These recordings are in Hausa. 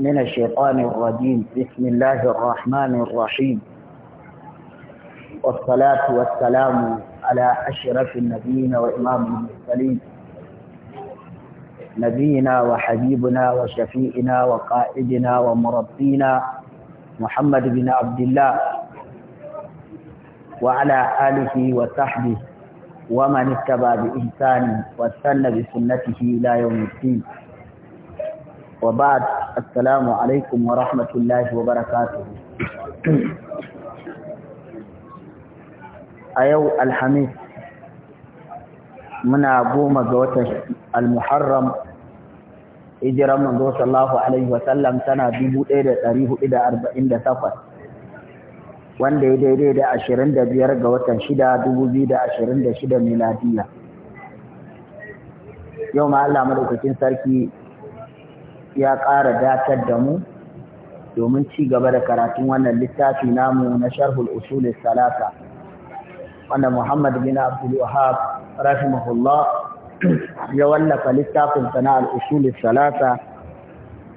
من الشيطان الرجيم بسم الله الرحمن الرحيم والصلاة والسلام على أشرف النبيين وإمام المرسلين نبينا وحبيبنا وشفيئنا وقائدنا ومربينا محمد بن عبد الله وعلى آله وصحبه ومن اتبع بإحسان واستنى بسنته إلى يوم الدين wa ba'd assalamu alaikum wa rahmatullahi wa barakatuh ayau alhamis muna goma ga watan almuharram hijiran manzo sallallahu alaihi wa sallam sana 1448 wanda ya daidai da 25 ga watan 6 2026 miladiya yau ma Allah madaukakin sarki ya ƙara datar da mu domin ci gaba da karatun wannan littafi namu na sharhul usulis salasa wanda Muhammad bin Abdul Wahab rahimahullah ya wallafa littafin sana al usulis salasa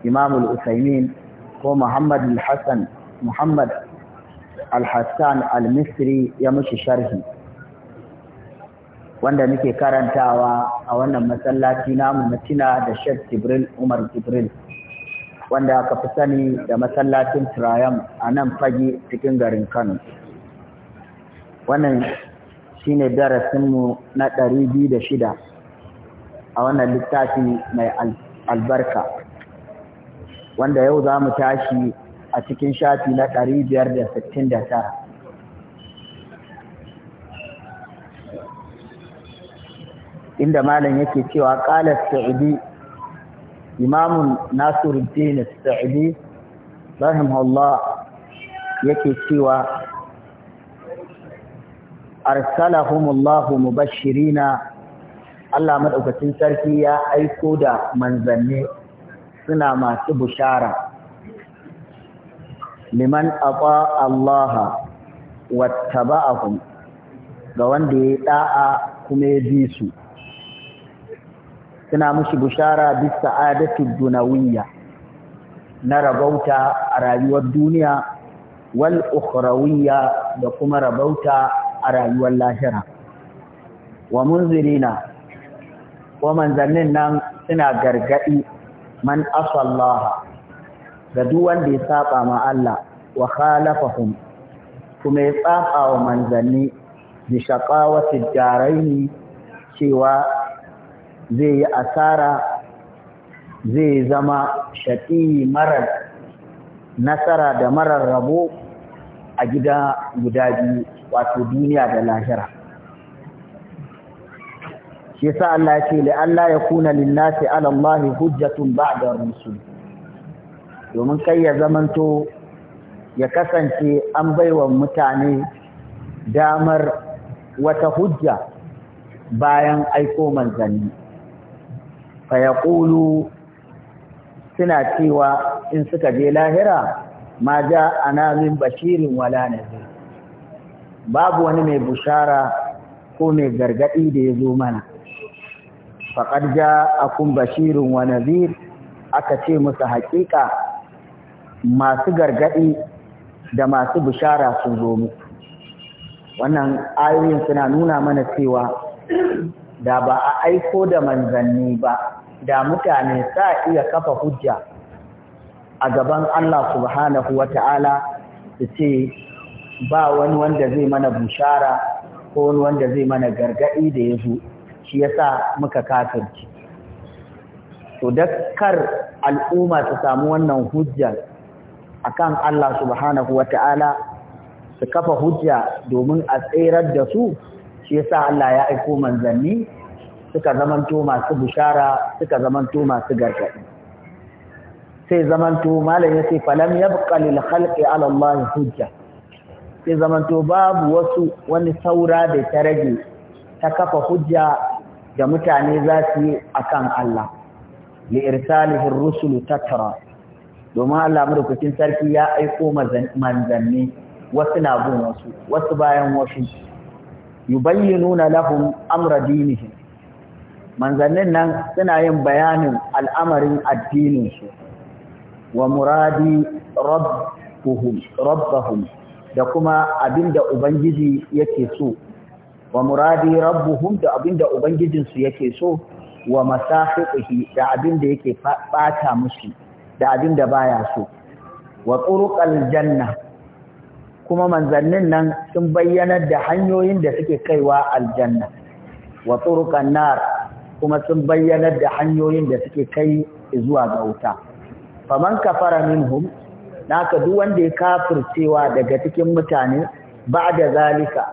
Imam al-Usaimin ko Muhammad al-Hassan Muhammad al-Hassan al-Misri ya mushi sharhi wanda muke karantawa a wannan masallaci namu na tina da Sheikh Jibril Umar Jibril wanda aka fi sani da masallacin Triumph a nan fage cikin garin Kano. Wannan shine darasinmu na ɗari biyu da shida a wannan littafi mai albarka wanda yau za mu tashi a cikin shafi na ɗari biyar da da tara. inda malam yake cewa qala sa'idi imam nasiruddin sa'idi rahimahullah yake cewa arsalahumullahu mubashirina Allah madaukakin sarki ya aiko da manzanni suna masu bushara liman aqa Allah wattaba'ahum ga wanda ya da'a kuma ya bi su suna mushi bushara bis sa'adatu dunawiyya na rabauta a rayuwar duniya wal ukhrawiyya da kuma rabauta a rayuwar lahira wa munzirina wa manzannin nan suna gargadi man asallaha ga duk wanda ya saba ma Allah wa khalafahum kuma ya tsaba wa manzanni bi shaqawati daraini cewa zai yi asara zai zama shaƙi marar nasara da marar rabo a gida guda biyu wato duniya da lahira shi yasa Allah ya ce li Allah ya kuna linnasi ala Allah hujjatun ba'da rusul domin kai ya zamanto ya kasance an baiwa mutane damar wata hujja bayan aiko manzanni fayaqulu suna cewa in suka je lahira ma ja ana min bashirin wala nazir babu wani mai bushara ko mai gargadi da ya zo mana faƙar ja akun bashirin wa nazir aka ce musu haƙiƙa masu gargadi da masu bushara sun zo mu wannan ayoyin suna nuna mana cewa da ba a aiko da manzanni ba da mutane sa iya kafa hujja a gaban Allah subhanahu wa ta'ala su ce ba wani wanda zai mana bushara ko wani wanda zai mana gargaɗi da ya zo shi ya sa muka kafirci. To, kar al'umma su samu wannan hujjar a kan Allah subhanahu wa ta'ala su kafa hujja domin a tserar da su shi ya sa Allah ya aiko manzanni suka zamanto masu bushara suka zamanto masu gargaɗi sai zamanto malam ce falam ya lil khalqi ala hujja sai zamanto babu wasu wani saura da ta rage ta kafa hujja da mutane za su yi akan Allah li irsalihi rusulu tattara, domin Allah madaukakin sarki ya aiko manzanni wasu na bin wasu wasu bayan wasu yubayyinuna lahum amra dinihim manzannin nan suna yin bayanin al'amarin addininsu wa muradi rabbahum da kuma abinda ubangiji yake so wa muradi rabbuhum da abinda ubangijinsu yake so wa masafiqihi da abinda yake bata musu da abinda baya so wa turuqal janna kuma manzannin nan sun bayyana da hanyoyin da suke kaiwa aljanna wa turuqan nar kuma sun bayyanar da hanyoyin da suke kai zuwa ga wuta faman kafara minhum naka duk wanda ya kafircewa daga cikin mutane ba da zalika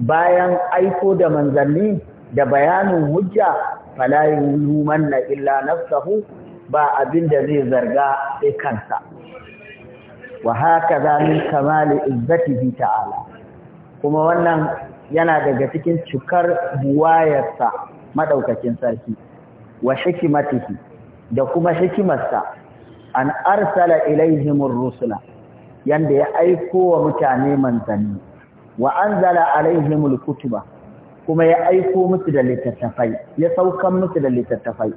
bayan aiko da manzanni da bayanin hujja luman na illa nafsuhu ba abin da zai zarga sai kansa wa za min kamali bi ta'ala kuma wannan yana daga cikin cikar buwayarsa madaukakin sarki wa hikimatihi da kuma hikimarsa an arsala ilaihimur rusula yanda ya aiko wa mutane manzanni wa anzala alaihimul kutuba kuma ya aiko musu da littattafai ya saukan musu da littattafai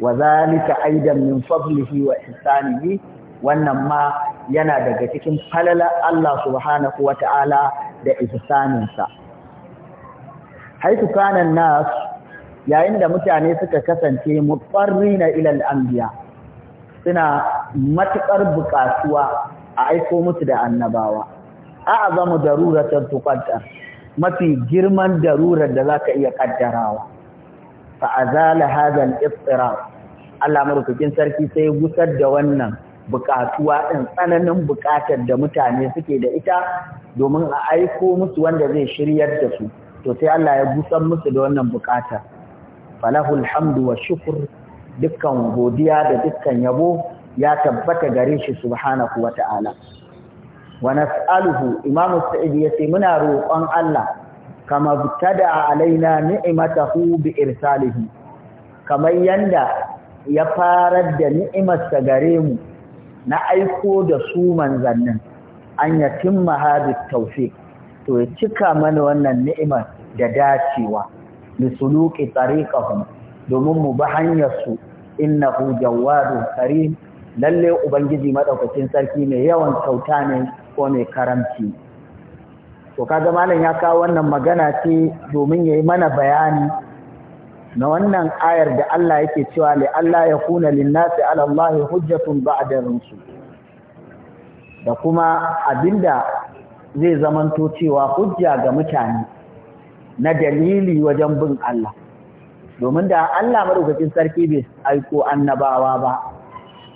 wa zalika aidan min fadlihi wa ihsanihi wannan ma yana daga cikin falala Allah subhanahu ta'ala da ihsaninsa haitu kana nas yayin da mutane suka kasance mutsarrina ila al-anbiya suna matukar buƙatuwa a aiko musu da annabawa a'zamu daruratan tuqaddar mafi girman darurar da zaka iya kaddarawa fa azala hadha al-ittirab Allah marufin sarki sai gusar da wannan buƙatuwa din tsananin buƙatar da mutane suke da ita domin a aiko musu wanda zai shiryar da su to sai Allah ya gusar musu da wannan bukatar falahul hamdu wa shukur dukkan godiya da dukkan yabo ya tabbata gare shi subhanahu wa ta'ala wa nas'aluhu imam sa'id yace muna roƙon Allah kama btada alaina ni'matahu bi irsalihi kamar yanda ya farar da ni'imar sa gare mu na aiko da su manzannin an yatimma hadith tawfiq to ya cika mana wannan ni'imar da dacewa li suluki tariqahum domin mu bi hanyar su innahu jawwadun karim lalle ubangiji madaukakin sarki mai yawan kyauta ne ko mai karamci to kaga malam ya kawo wannan magana ce domin yayi mana bayani na wannan ayar da Allah yake cewa li Allah ya kuna linnasi ala Allah hujjatun ba'da rusul da kuma abinda zai zamanto cewa hujja ga mutane na dalili wajen bin Allah domin da Allah madaukakin sarki bai aiko annabawa ba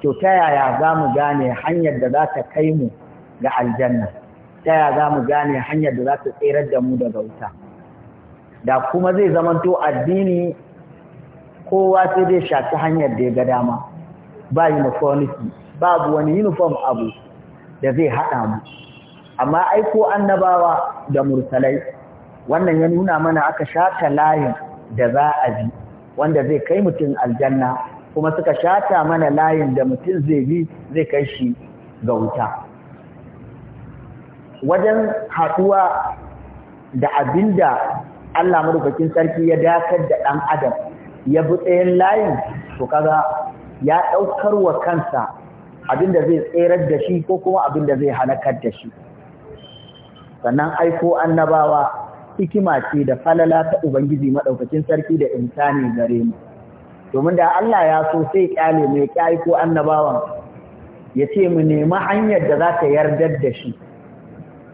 to ta yaya za mu gane hanyar da za ta kai mu ga aljanna ta yaya za mu gane hanyar da za ta tserar da mu daga wuta da kuma zai zamanto addini kowa sai zai shafi hanyar da ya ga dama ba uniformity babu wani uniform abu da zai haɗa mu amma aiko annabawa da mursalai wannan ya nuna mana aka shata layin da za a bi wanda zai kai mutum aljanna kuma suka shata mana layin da mutum zai bi zai kai shi ga wuta wajen haduwa da abinda Allah madaukakin sarki ya dakar da ɗan adam ya bi tsayin layin to kaga ya ɗaukar wa kansa abinda zai tserar da shi ko kuma abinda zai halakar da shi sannan aiko annabawa hikima ce da falala ta Ubangiji maɗaukacin sarki da insani gare mu. Domin da Allah ya so sai ƙyale mai ƙyayi ko annabawan ya ce mu nemi hanyar da za ta yardar da shi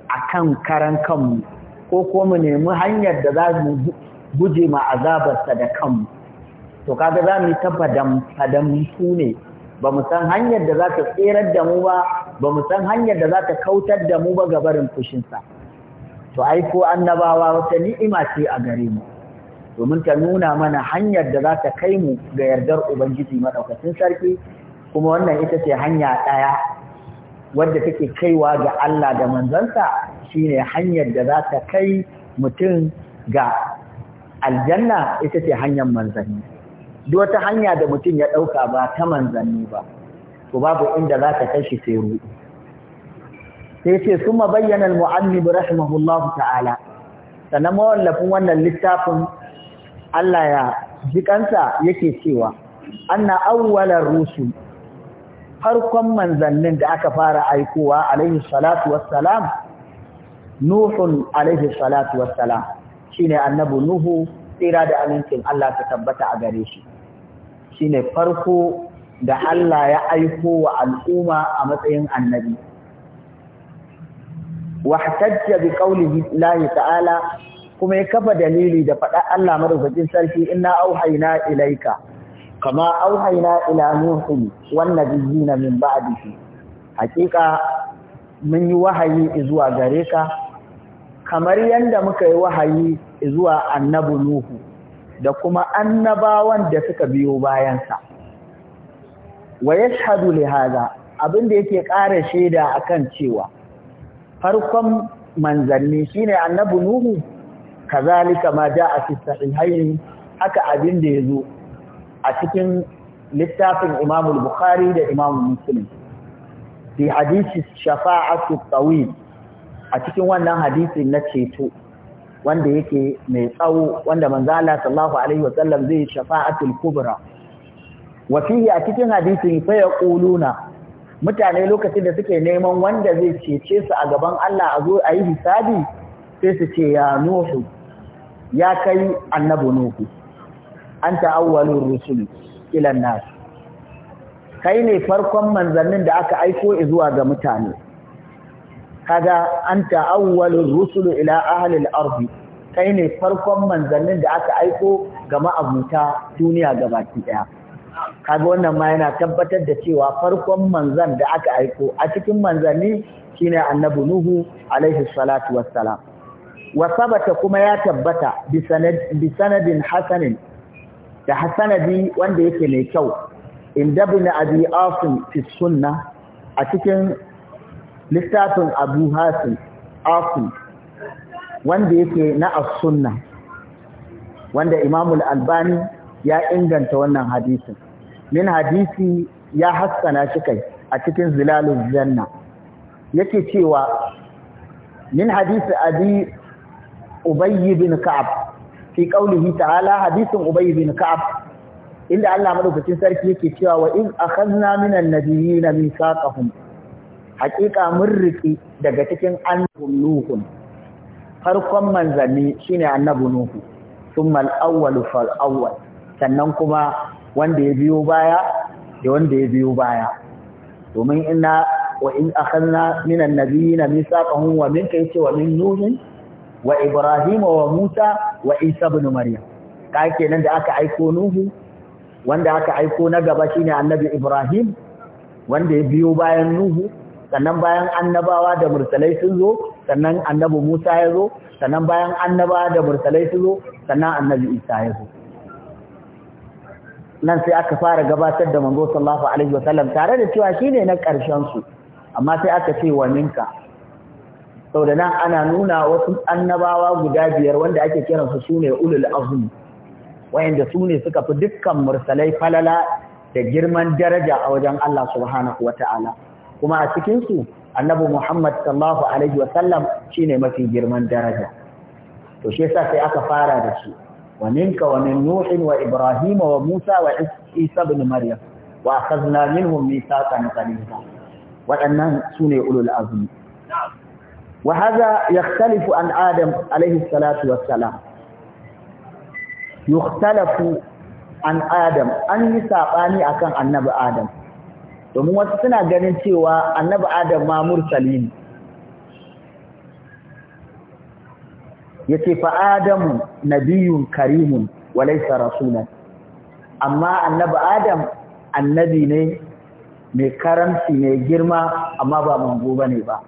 a kan karan kanmu ko ko mu nemi hanyar da za mu guje ma azabarsa da kanmu. To kaga za mu yi ta fadamtu ne ba mu san hanyar da za ta tserar da mu ba, ba mu san hanyar da za ta kautar da mu ba gabarin fushinsa. to aiko annabawa wata ni'ima ce a gare mu domin ta nuna mana hanyar da za ta kai mu ga yardar ubangiji madaukakin sarki kuma wannan ita ce hanya ɗaya wadda take kaiwa ga Allah da manzansa shine hanyar da za ta kai mutum ga aljanna ita ce hanyar manzanni duk wata hanya da mutum ya ɗauka ba ta manzanni ba to babu inda za ta kai shi sai ruɗu sai ce sun bayyana al-mu'allib rahimahullahu ta'ala sannan mawallafin wannan littafin Allah ya jikansa yake cewa anna awwalar rusul farkon manzannin da aka fara aikowa alaihi salatu wassalam nuhun alaihi salatu wassalam shine annabi nuhu tsira da amincin Allah ta tabbata a gare shi shine farko da Allah ya aiko wa al'umma a matsayin annabi wahtajja bi qawlihi Allah ta'ala kuma ya kafa dalili da faɗa Allah madaukakin sarki inna auhayna ilaika kama auhayna ila nuhin wan nabiyina min ba'dihi hakika mun yi wahayi zuwa gare ka kamar yanda muka yi wahayi zuwa annabi nuhu da kuma annabawan da suka biyo bayansa wa yashhadu li hada abin yake ƙara shaida akan cewa farkon manzanni shine annabi nuhu kazalika ma jaa fi sahihayn haka abin da yazo a cikin littafin Imam al-Bukhari da Imam Muslim fi hadisi shafa'atu tawil a cikin wannan hadisi na ceto wanda yake mai tsawo wanda manzo Allah sallallahu alaihi wasallam zai shafa'atul kubra wa fihi a cikin hadisin fa yaquluna mutane lokacin da suke neman wanda zai cece su a gaban Allah a zo a yi hisabi sai su ce ya nuhu ya kai annabu nuhu an ta'awwalin rusul ilan nasu kai ne farkon manzannin da aka aiko zuwa ga mutane kaga an ta'awwalin rusul ila ahalil ardi kai ne farkon manzannin da aka aiko ga ma'abuta duniya gabaki daya kaga wannan ma yana tabbatar da cewa farkon manzan da aka aiko a cikin manzanni shine annabi nuhu alaihi salatu wassalam wa sabata kuma ya tabbata bi sanadin hasanin da hasanadi wanda yake mai kyau inda bin abi asim fi sunna a cikin littafin abu hasim asim wanda yake na as-sunna wanda imamul albani ya inganta wannan hadisin min hadisi ya hassana shi kai a cikin zilalul janna yake cewa min hadisi abi ubayy bin ka'ab fi qawlihi ta'ala hadisin ubayy bin ka'ab inda Allah madaukakin sarki yake cewa wa in akhadna minan nabiyina mithaqahum haqiqa mun riki daga cikin annabun nuhun farkon manzanni shine annabi nuhu thumma al-awwal fal awwal sannan kuma wanda ya biyo baya da wanda ya biyo baya domin inna wa in akhanna minan nabiyina misaqahum wa minka ce wa min nuhin wa ibrahim wa musa wa isa ibn maryam ka kenan da aka aiko nuhu wanda aka aiko na gaba shine annabi ibrahim wanda ya biyo bayan nuhu sannan bayan annabawa da mursalai sun zo sannan annabi musa ya zo sannan bayan annabawa da mursalai sun zo sannan annabi isa ya zo nan sai aka fara gabatar da manzo sallallahu alaihi wasallam tare da cewa shine na karshen su amma sai aka ce wa minka saboda nan ana nuna wasu annabawa guda biyar wanda ake kiransu sune ulul azmi wayanda sune suka fi dukkan mursalai falala da girman daraja a wajen Allah subhanahu wata'ala kuma a cikin su annabi Muhammad sallallahu alaihi wasallam shine mafi girman daraja to shi yasa sai aka fara da shi ومنك ومن نوح وإبراهيم وموسى وعيسى بن مريم وأخذنا منهم ميثاقا غليظا وأنهم سنة أولو العزم وهذا يختلف عن آدم عليه الصلاة والسلام يختلف عن آدم أن يساقاني أكان النبي آدم domin wasu suna ganin cewa annabi Adam ma mursali ne yace fa adamu nabiyun karimun walaysa rasulan amma annabi adam annabi ne mai karamci mai girma amma ba manzo ne ba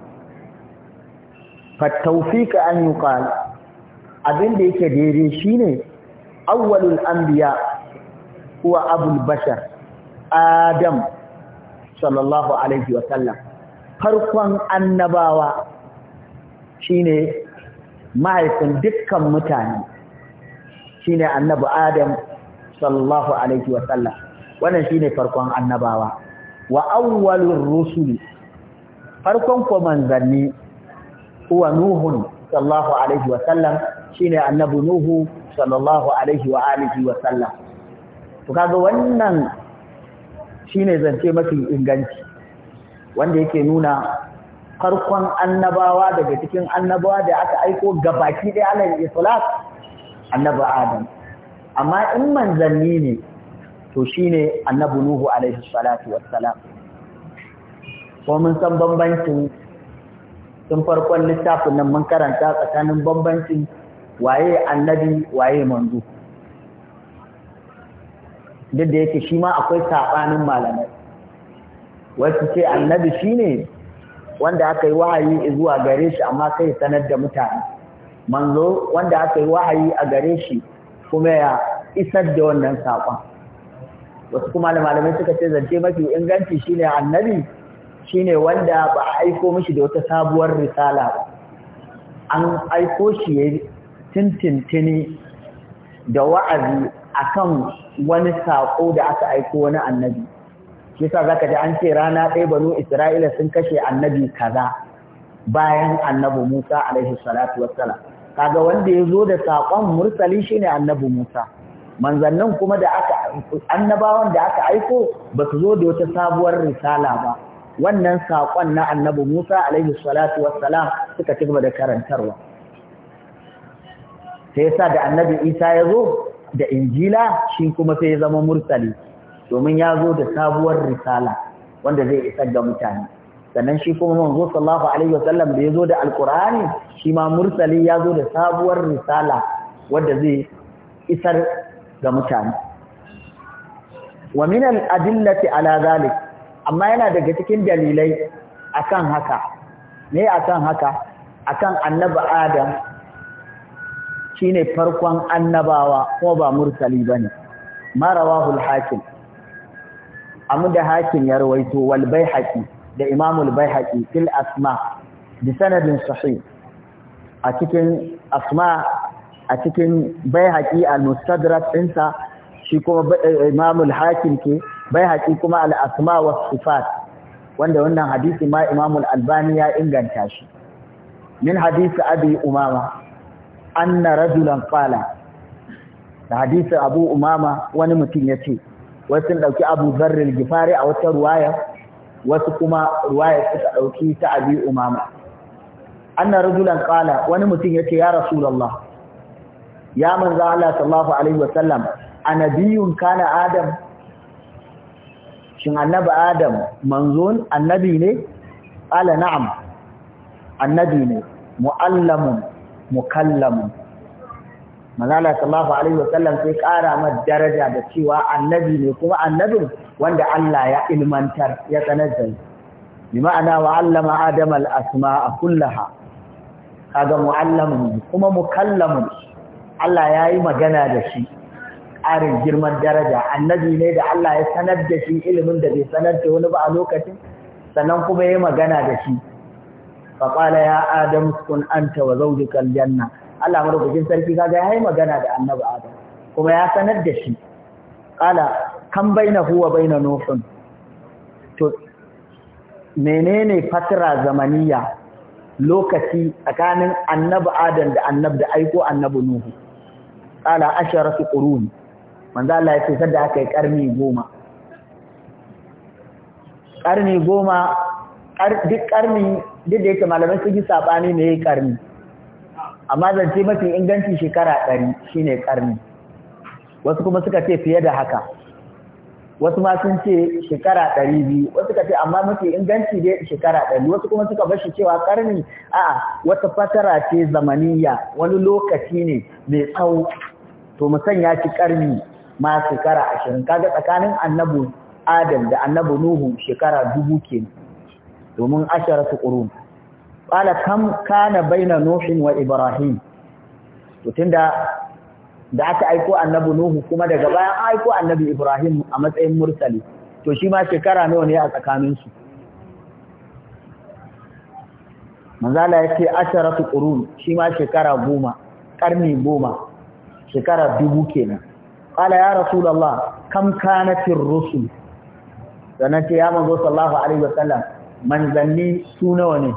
fa tawfika an yuqal abin da yake daidai shine awwalul anbiya huwa abul bashar adam sallallahu alaihi wa sallam farkon annabawa shine mahaifin dukkan mutane shine Annabu Adam sallallahu alaihi wa sallam wannan shine farkon annabawa wa awwalur rusuli farkon ko manzanni uwa nuhun sallallahu alaihi wa sallam shine Annabu nuhu sallallahu alaihi wa alihi wasallam sallam to kaga wannan shine zance mafi inganci wanda yake nuna farkon annabawa daga cikin annabawa da aka aiko gabaki ɗaya alal islam annabi adam amma in manzanni ne to shine annabi nuhu alaihi salatu wassalam ko mun san bambancin tun farkon littafin nan mun karanta tsakanin bambancin waye annabi waye manzo duk da yake shi ma akwai saɓanin malamai wasu ce annabi shine wanda aka yi wahayi zuwa gare shi amma sai sanar da mutane manzo wanda aka yi wahayi a gare shi kuma ya isar da wannan saƙon wasu kuma malamai suka ce zance mafi inganci shine annabi shine wanda ba a aiko mishi da wata sabuwar risala ba an aiko shi ya tintintini da wa'azi a kan wani saƙo da aka aiko wani annabi kisa za zaka ji an ce rana ɗaya banu Isra'ila sun kashe annabi kaza bayan annabi Musa alaihi salatu wassalam kaga wanda ya zo da saƙon mursali shine annabi Musa manzannin kuma da aka annabawan da aka aiko ba su zo da wata sabuwar risala ba wannan saƙon na annabi Musa alaihi salatu wassalam suka ci gaba da karantarwa sai yasa da annabi Isa ya zo da injila shi kuma sai ya zama mursali domin ya zo da sabuwar risala wanda zai isar ga mutane sannan shi kuma manzo sallallahu alaihi wasallam da ya zo da alqur'ani shi ma mursali ya zo da sabuwar risala wanda zai isar ga mutane wa min al-adillati ala zalik amma yana daga cikin dalilai akan haka me akan haka akan annabi adam shine farkon annabawa kuma ba mursali bane marawahul hakim amu da hakim ya rawaito wal baihaqi da imam al baihaqi fil asma bi sanadin sahih a cikin asma a cikin baihaqi al mustadrak insa shi kuma eh, imam al hakim ke baihaqi kuma al asma wa sifat wanda wannan hadisi ma imam al albani ya inganta shi min hadisi abi umama anna rajulan qala da hadisi abu umama wani mutum ya ce. wasu sun ɗauki abu barril gifari a wata ruwaya wasu kuma ruwaya suka ɗauki ta abi umama anna rajulan qala wani mutum yace ya rasulullah ya manzo Allah sallallahu alaihi wasallam anabiyun kana adam shin annabi adam manzon annabi ne qala na'am annabi ne muallamun mukallamun manzala sallallahu alaihi wasallam sai ƙara mar daraja da cewa annabi ne kuma annabin wanda Allah ya ilmantar ya sanar da bi ma'ana wa allama adam al asma'a kullaha kaga muallamun kuma mukallamun Allah ya yi magana da shi ƙarin girman daraja annabi ne da Allah ya sanar da shi ilimin da bai sanar da wani ba a lokacin sannan kuma ya yi magana da shi faƙala ya adam kun anta wa zaujikal janna Allah marubucin sarki kaga ya yi magana da annabi Adam kuma ya sanar da shi Kala kan baina huwa baina nuhun to menene fatira zamaniya lokaci tsakanin annabi Adam da annabi da aiko annabi Nuhu qala asharatu qurun manzo Allah ya ce sadda aka yi karni goma karni goma duk karni duk da yake malamai su yi sabani ne karni amma zance mafi inganci shekara ɗari shine ƙarni wasu kuma suka ce fiye da haka wasu ma sun ce shekara ɗari biyu wasu suka ce amma mafi inganci dai shekara ɗari wasu kuma suka bashi cewa ƙarni a'a wata fasara ce zamaniya wani lokaci ne mai tsawo to mu sanya shi ƙarni ma shekara ashirin kaga tsakanin annabu adam da annabu nuhu shekara dubu kenan domin su qurun qala kam kana baina nuhin wa ibrahim to tunda da aka aiko annabi nuhu kuma daga bayan aiko annabi ibrahim a matsayin mursali to shi ma shekara nawa ne a tsakanin su manzala yake asharatu qurun shi ma shekara goma karni goma shekara 2000 kenan qala ya rasulullah kam kanatir rusul sannan ce ya manzo sallallahu alaihi wasallam manzanni su nawa ne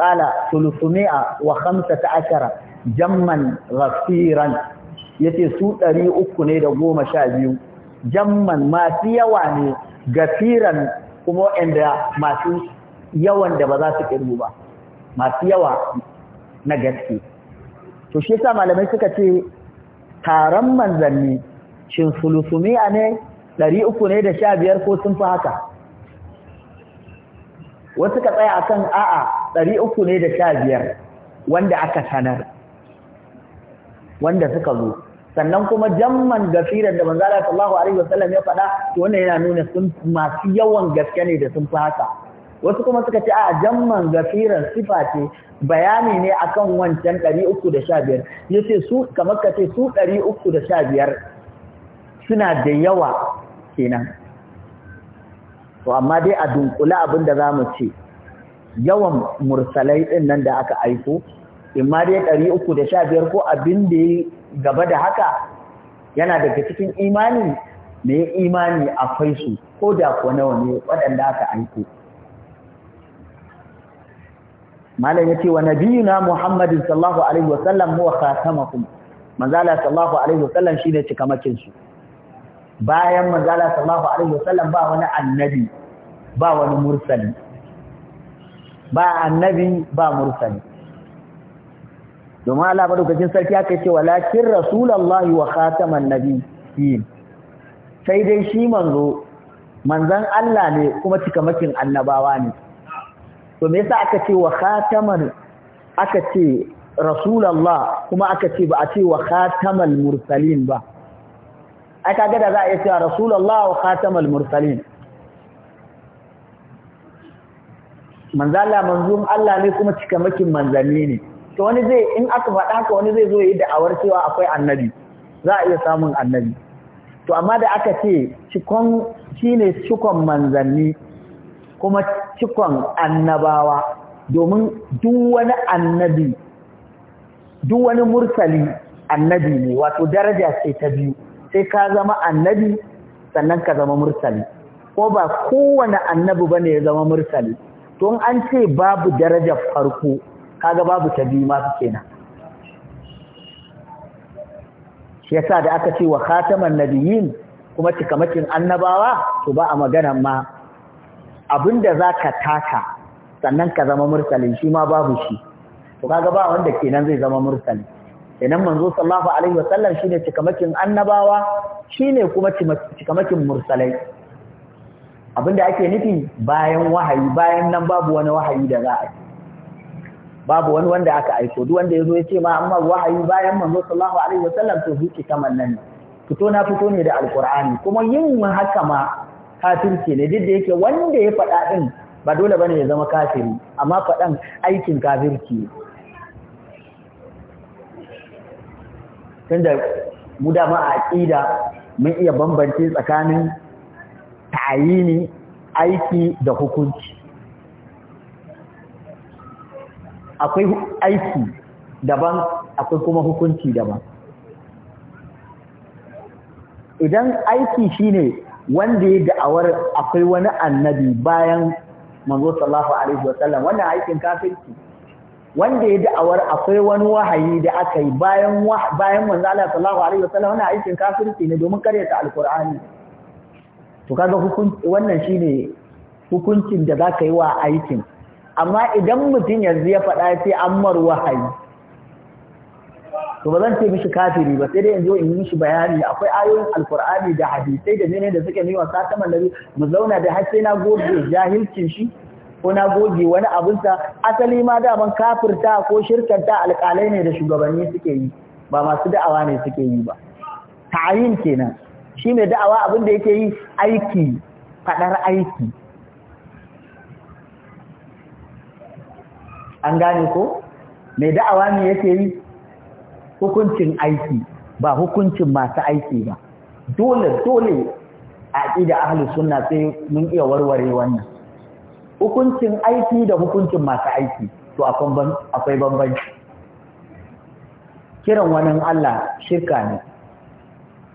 قال wa وخمسة عشر jamman غفيرا yace su 300 ne da 12 jamman masu yawa ne gafiran kuma wanda masu yawan da ba za su kirbu ba masu yawa na gaske to shi yasa malamai suka ce taron manzanni shin sulusumi'a ne 300 ne da 15 ko sun fi haka wasu ka tsaya akan a'a ɗari uku ne da sha biyar wanda aka sanar wanda suka zo sannan kuma jamman gafiran da manzala sallallahu alaihi wasallam ya faɗa to wannan yana nuna sun masu yawan gaske ne da sun fi haka wasu kuma suka ce a jamman gafiran sifa ce bayani ne akan wancan 315 yace su kamar ka ce su 315 suna da yawa kenan to amma dai a dunkula abin da mu ce yawan mursalai ɗin nan da aka aiko imma dai 315 uku da sha biyar ko abin da ya gaba da haka yana daga cikin imani ne imani akwai su ko da kuwa nawa ne waɗanda aka aiko malam yace wa na Muhammadu sallallahu alaihi wasallam huwa khatamukum manzala sallallahu alaihi wasallam shine cikamakin su bayan manzala sallallahu alaihi wasallam ba wani annabi ba wani mursali ba annabi ba mursali domin Allah madaukakin sarki aka ce walakin rasulullahi wa khataman nabiyyin sai dai shi manzo manzan Allah ne kuma cikamakin annabawa ne to me yasa aka ce wa khataman aka ce rasulullah kuma aka ce ba a ce wa khatamal mursalin ba aka ga da za a iya cewa rasulullah wa khatamal mursalin manzala manzo Allah ne kuma cikamakin manzanni ne to wani zai in aka faɗa haka wani zai zo yi da'awar cewa akwai annabi za a iya samun annabi to amma da aka ce cikon shine cikon manzanni kuma cikon annabawa domin duk wani annabi duk wani mursali annabi ne wato daraja ce ta biyu sai ka zama annabi sannan ka zama mursali ko ba kowane annabi bane ya zama mursali tun an ce babu daraja farko kaga babu ta biyu ma kenan shi yasa da aka ce wa khataman nabiyyin kuma cikamakin annabawa to ba a magana ma abinda zaka taka sannan ka zama mursalin shi ma babu shi to kaga ba wanda kenan zai zama mursali idan manzo sallallahu alaihi wasallam shine cikamakin annabawa shine kuma cikamakin mursalai Abin da ake nufi bayan wahayi bayan nan babu wani wahayi da za a yi babu wani wanda aka aiko duk wanda yazo ya ce ma amma wahayi bayan manzo sallallahu alaihi wasallam to zuci kaman nan fito na fito ne da alqur'ani kuma yin haka ma kafirci ne duk da yake wanda ya faɗa din ba dole bane ya zama kafiri amma faɗan aikin kafirci tunda mu da ma a aqida mun iya bambance tsakanin ta'ayini aiki da hukunci akwai aiki daban akwai kuma hukunci daban idan aiki shine wanda ya da'awar akwai wani annabi bayan manzo sallallahu alaihi wasallam wannan aikin kafirci wanda ya da'awar akwai wani wahayi da aka yi bayan bayan manzo sallallahu alaihi wasallam wannan aikin kafirci ne domin karyata alqur'ani to kaga hukunci wannan shine hukuncin da zaka yi wa aikin amma idan mutum yanzu ya faɗa sai an mar wahayi to ba zan ce mishi kafiri ba sai dai yanzu in mishi bayani akwai ayoyin alkur'ani da hadisai da menene da suke niwa sataman nabi mu zauna da har sai na goge jahilcin shi ko na goge wani sa. asali ma da ban kafirta ko shirkanta alƙalai ne da shugabanni suke yi ba masu da'awa ne suke yi ba ta'ayin kenan shi mai da'awa abin da yake yi aiki faɗar aiki an gane ko mai da'awa ne yake yi hukuncin aiki ba hukuncin masu aiki ba dole dole a ƙida ahalus suna sai mun iya warware wannan hukuncin aiki da hukuncin masu aiki to akwai bambanci kiran wani Allah shirka ne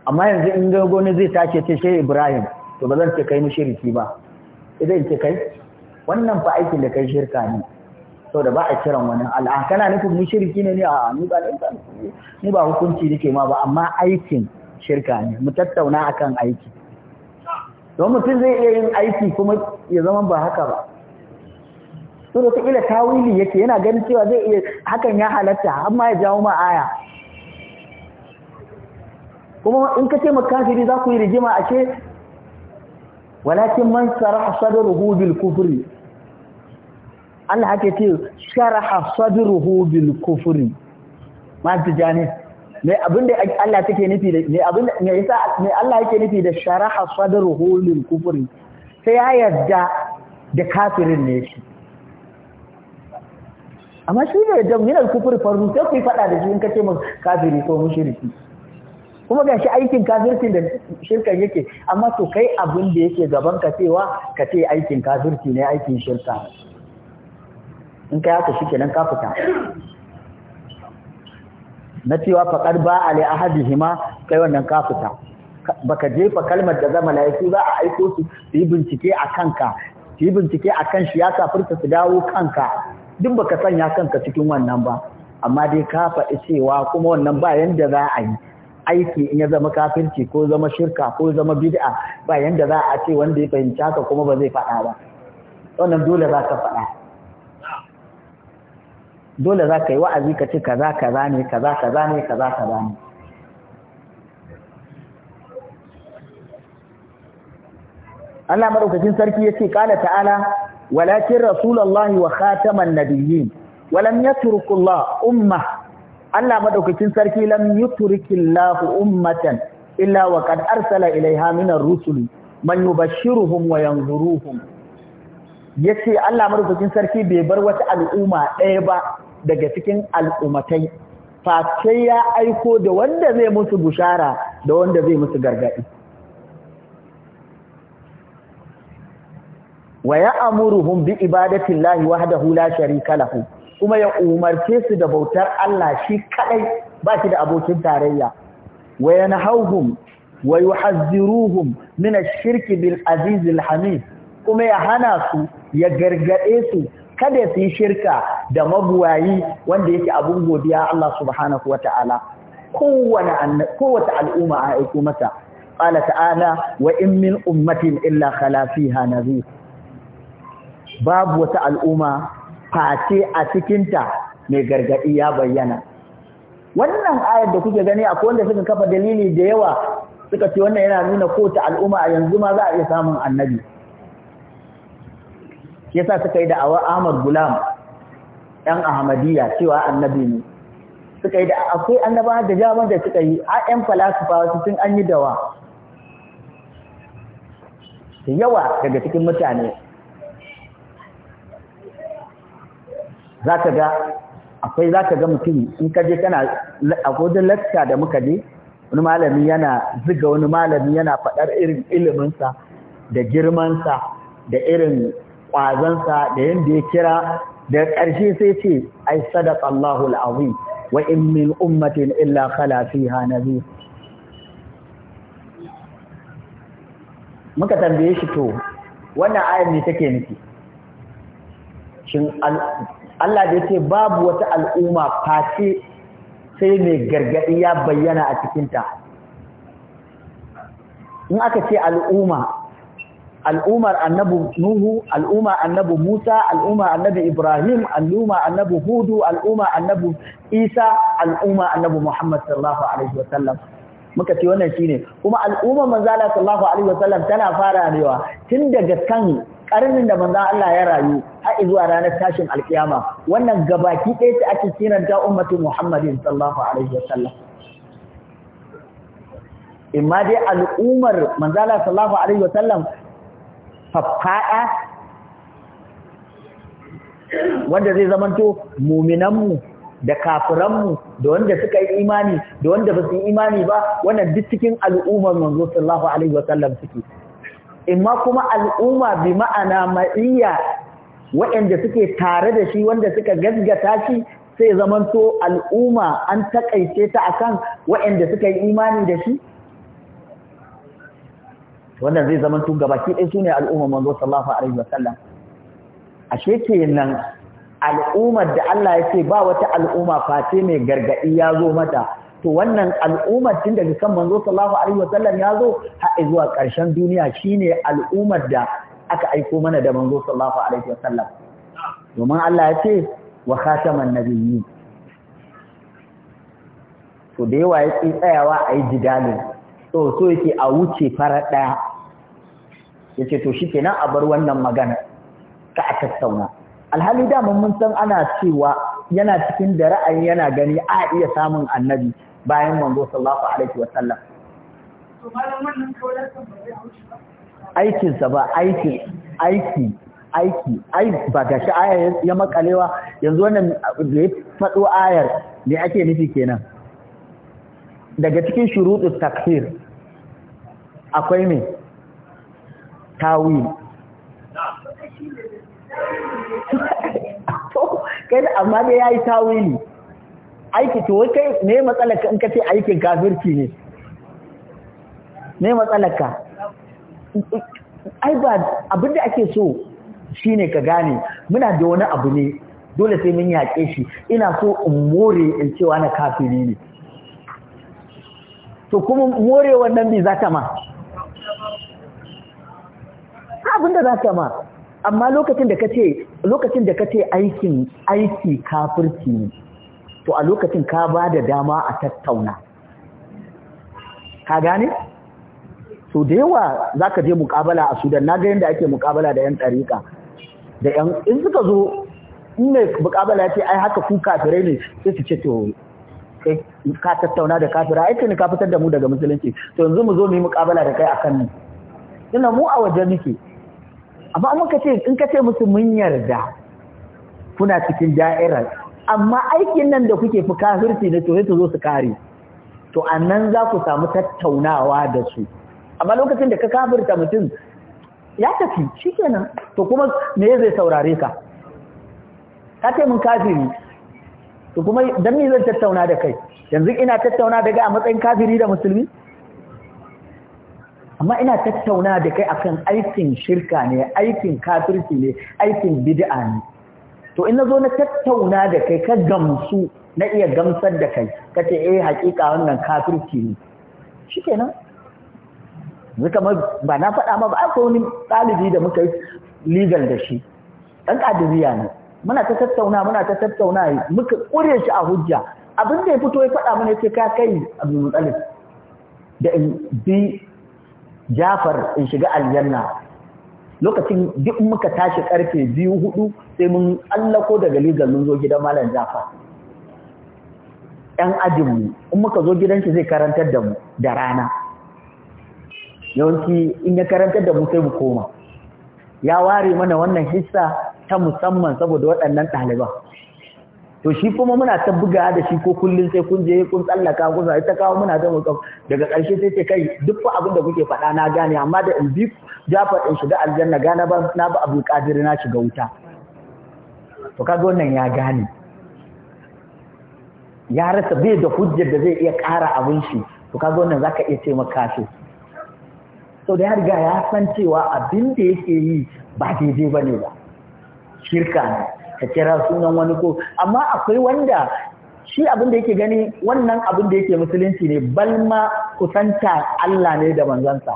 amma yanzu in ga gona zai tace ce shi Ibrahim to ba zan ce kai mushriki ba idan ce kai wannan fa aikin da kai shirka ne da ba a kiran wani al'a kana nufin mushriki ne ne a ni ba ni ba hukunci nake ma ba amma aikin shirka ne mu tattauna akan aiki don mutum zai iya yin aiki kuma ya zama ba haka ba to da ta tawili yake yana ganin cewa zai iya hakan ya halatta amma ya jawo ma aya kuma in ka ce makafiri za ku yi rigima a ce walakin man sharaha sadruhu bil kufri Allah yake ce sharaha sadruhu bil kufri ma tijani me abinda Allah take nufi da me abinda me yasa me Allah yake nufi da sharaha sadruhu lil kufri sai ya yarda da kafirin ne shi amma shi ne da minal kufri farru sai ku fada da shi in ce mu kafiri ko mushriki kuma ga shi aikin kafirci da shirkan yake amma to kai abin da yake gaban ka cewa ka ce aikin kafirci ne aikin shirka in kai haka shi kenan ka fita na cewa faƙar ba a ahadi hima kai wannan ka fita baka jefa kalmar da zama laifi ba a aiko su su yi bincike a kanka su yi bincike a kan shi ya kafirta su dawo kanka duk baka sanya kanka cikin wannan ba amma dai ka faɗi cewa kuma wannan ba yanda za a yi aiki in ya zama kafirci ko zama shirka ko zama bid'a ba yanda za a ce wanda ya fahimci haka kuma ba zai faɗa ba wannan dole za ka faɗa dole za ka yi wa'azi ka ce kaza kaza ne kaza kaza ne kaza kaza ne Allah madaukakin sarki yace kala ta'ala walakin rasulullahi wa khataman nabiyyin walam yatrukullah ummah Allah madaukakin sarki lam yutrikillahu ummatan illa wa qad arsala ilaiha min ar-rusuli man yubashshiruhum wa yanzuruhum yace Allah madaukakin sarki bai bar wata al'umma ɗaya ba daga cikin al'ummatai face ya aiko da wanda zai musu bushara da wanda zai musu gargadi wa ya'muruhum bi ibadati llahi wahdahu la sharika lahu kuma ya umarce su da bautar Allah shi kadai ba shi da abokin tarayya wa yanhahum wa yuhazziruhum min ash-shirk bil aziz al hamid kuma ya hana su ya gargade su kada su yi shirka da mabuwayi wanda yake abun godiya Allah subhanahu wataala kowace kowace al'umma a aiko mata qala ta'ala wa in min ummatin illa khala fiha nadhir babu wata al'umma face a cikinta mai gargaɗi ya bayyana wannan ayar da kuke gani akwai wanda suka kafa dalili da yawa suka ce wannan yana nuna kowace al'umma a yanzu ma za a iya samun annabi shi yasa suka yi da'awar Ahmad Gulam ɗan Ahmadiyya cewa annabi ne suka yi da akwai annaba da jaman da suka yi a ƴan falasifa wasu sun an yi dawa yawa daga cikin mutane za ka ga akwai za ka ga mutum in ka je kana a godin lakta da muka je wani malami yana ziga wani malami yana faɗar irin iliminsa da girmansa da irin ƙwazansa da yadda ya kira da ƙarshe sai ce ai sadaqa Allahu azim wa in min ummatin illa khala fiha nabiy muka tambaye shi to wannan ayar ne take nufi shin Allah da ce babu wata al'umma face sai mai gargaɗi ya bayyana a cikinta. In aka ce al'umma, al'ummar annabu Nuhu, al'umma annabu Musa, al'umma annabu Ibrahim, al'umma annabu Hudu, al'umma annabu Isa, al'umma annabu Muhammad sallallahu Alaihi wasallam. Muka ce wannan shi ne, kuma al'umma manzala sallallahu Alaihi wasallam tana fara rewa tun daga kan karnin da manzon Allah ya rayu har zuwa ranar tashin alkiyama wannan gabaki ɗaya ta ake kiran ta ummatu Muhammadin sallallahu alaihi wasallam imma dai al'ummar manzon Allah sallallahu alaihi sallam, faffaɗa wanda zai zamanto muminanmu da kafiranmu da wanda suka yi imani da wanda ba su yi imani ba wannan duk cikin al'ummar manzo sallallahu alaihi sallam suke imma kuma al'umma bi ma'ana ma'iyya waɗanda suke tare da shi wanda suka gasgata shi sai zamanto al'umma an takaice ta akan waɗanda suka yi imani da shi wannan zai zamanto gabaki su sune al'umma manzo sallallahu alaihi wasallam ashe kenan al'ummar da Allah ya ce ba wata al'umma face mai gargadi ya zo mata to wannan al'ummar tun daga kan manzo sallallahu alaihi wasallam ya zo har zuwa ƙarshen duniya shine al'ummar da aka aiko mana da manzo sallallahu alaihi wasallam domin Allah ya ce wa khataman nabiyyi to da yawa ya tsi tsayawa a yi jidalin so so yake a wuce fara ɗaya ya ce to shi kenan a bar wannan magana ka a tattauna alhali dama mun san ana cewa yana cikin da ra'ayi yana gani a iya samun annabi bayan manzo sallallahu alaihi wa sallam aikinsa ba aiki aiki aiki ai ba shi ayar ya makalewa yanzu wannan da ya faɗo ayar ne ake nufi kenan daga cikin shurutu takfir akwai ne tawil kai amma dai yayi tawili aiki to wai kai me matsalar ka in ka ce aikin kafirci ne me matsalar ka ai ba abin da ake so shine ka gane muna da wani abu ne dole sai mun yaƙe shi ina so in more in cewa na kafiri ne to kuma more wannan bi za ta ma abin da za ta ma amma lokacin da ka ce lokacin da ka ce aikin aiki kafirci ne to a lokacin ka ba da dama a tattauna ka gane to da yawa za ka je mukabala a sudan na ga yadda ake mukabala da 'yan tsarika da 'yan in suka zo in mai mukabala ce ai haka ku kafirai ne sai su ce to ka tattauna da kafira ai kai ne ka fitar da mu daga musulunci to yanzu mu zo mu yi mukabala da kai a kan ni ina mu a waje muke amma ce in ka ce musu mun yarda kuna cikin da'irar amma aikin nan da kuke fi kafirci ne to sai su zo su kare to annan za ku samu tattaunawa da su amma lokacin da ka kafirta mutum ya tafi shikenan to kuma me zai saurare ka ka ce mun kafiri to kuma dan me zan tattauna da kai yanzu ina tattauna da kai a matsayin kafiri da musulmi amma ina tattauna da kai akan aikin shirka ne aikin kafirci ne aikin bid'a ne to in nazo na tattauna da kai ka gamsu na iya gamsar da kai ka ce, eh hakika wannan kafirci ne Shi kenan yanzu kamar ba na faɗa ma ba akwai wani ɗalibi da muka yi legal da shi ɗan ƙadiriya ne muna ta tattauna muna ta tattauna muka ƙure shi a hujja abin da ya fito ya faɗa mana ce ka kai abdulmutsalif da in bi jafar in shiga aljanna lokacin duk muka tashi karfe biyu hudu sai mun allako daga galizar mun zo gidan Malam Jafar. ‘Yan ajinmu, in muka zo gidan shi zai karantar da mu da rana. Yawanci in ya karantar da mu sai mu koma. Ya ware mana wannan hissa ta musamman saboda waɗannan ɗaliban. to shi kuma muna ta buga da shi ko kullun sai kun je kun tsallaka kun sai ta kawo muna ga mutum daga ƙarshe sai ce kai duk fa abin da kuke faɗa na gane amma da in bi Jafar in shiga aljanna na ba na ba Abu Qadir na shiga wuta to kaga wannan ya gane ya rasa bai da hujjar da zai iya ƙara abin shi to kaga wannan zaka iya ce maka shi sau da ya riga ya san cewa abin da yake yi ba daidai ba ne ba shirka ne ka kira sunan wani ko amma akwai wanda shi abin da yake gani wannan abin da yake musulunci ne balma kusanta Allah ne da manzansa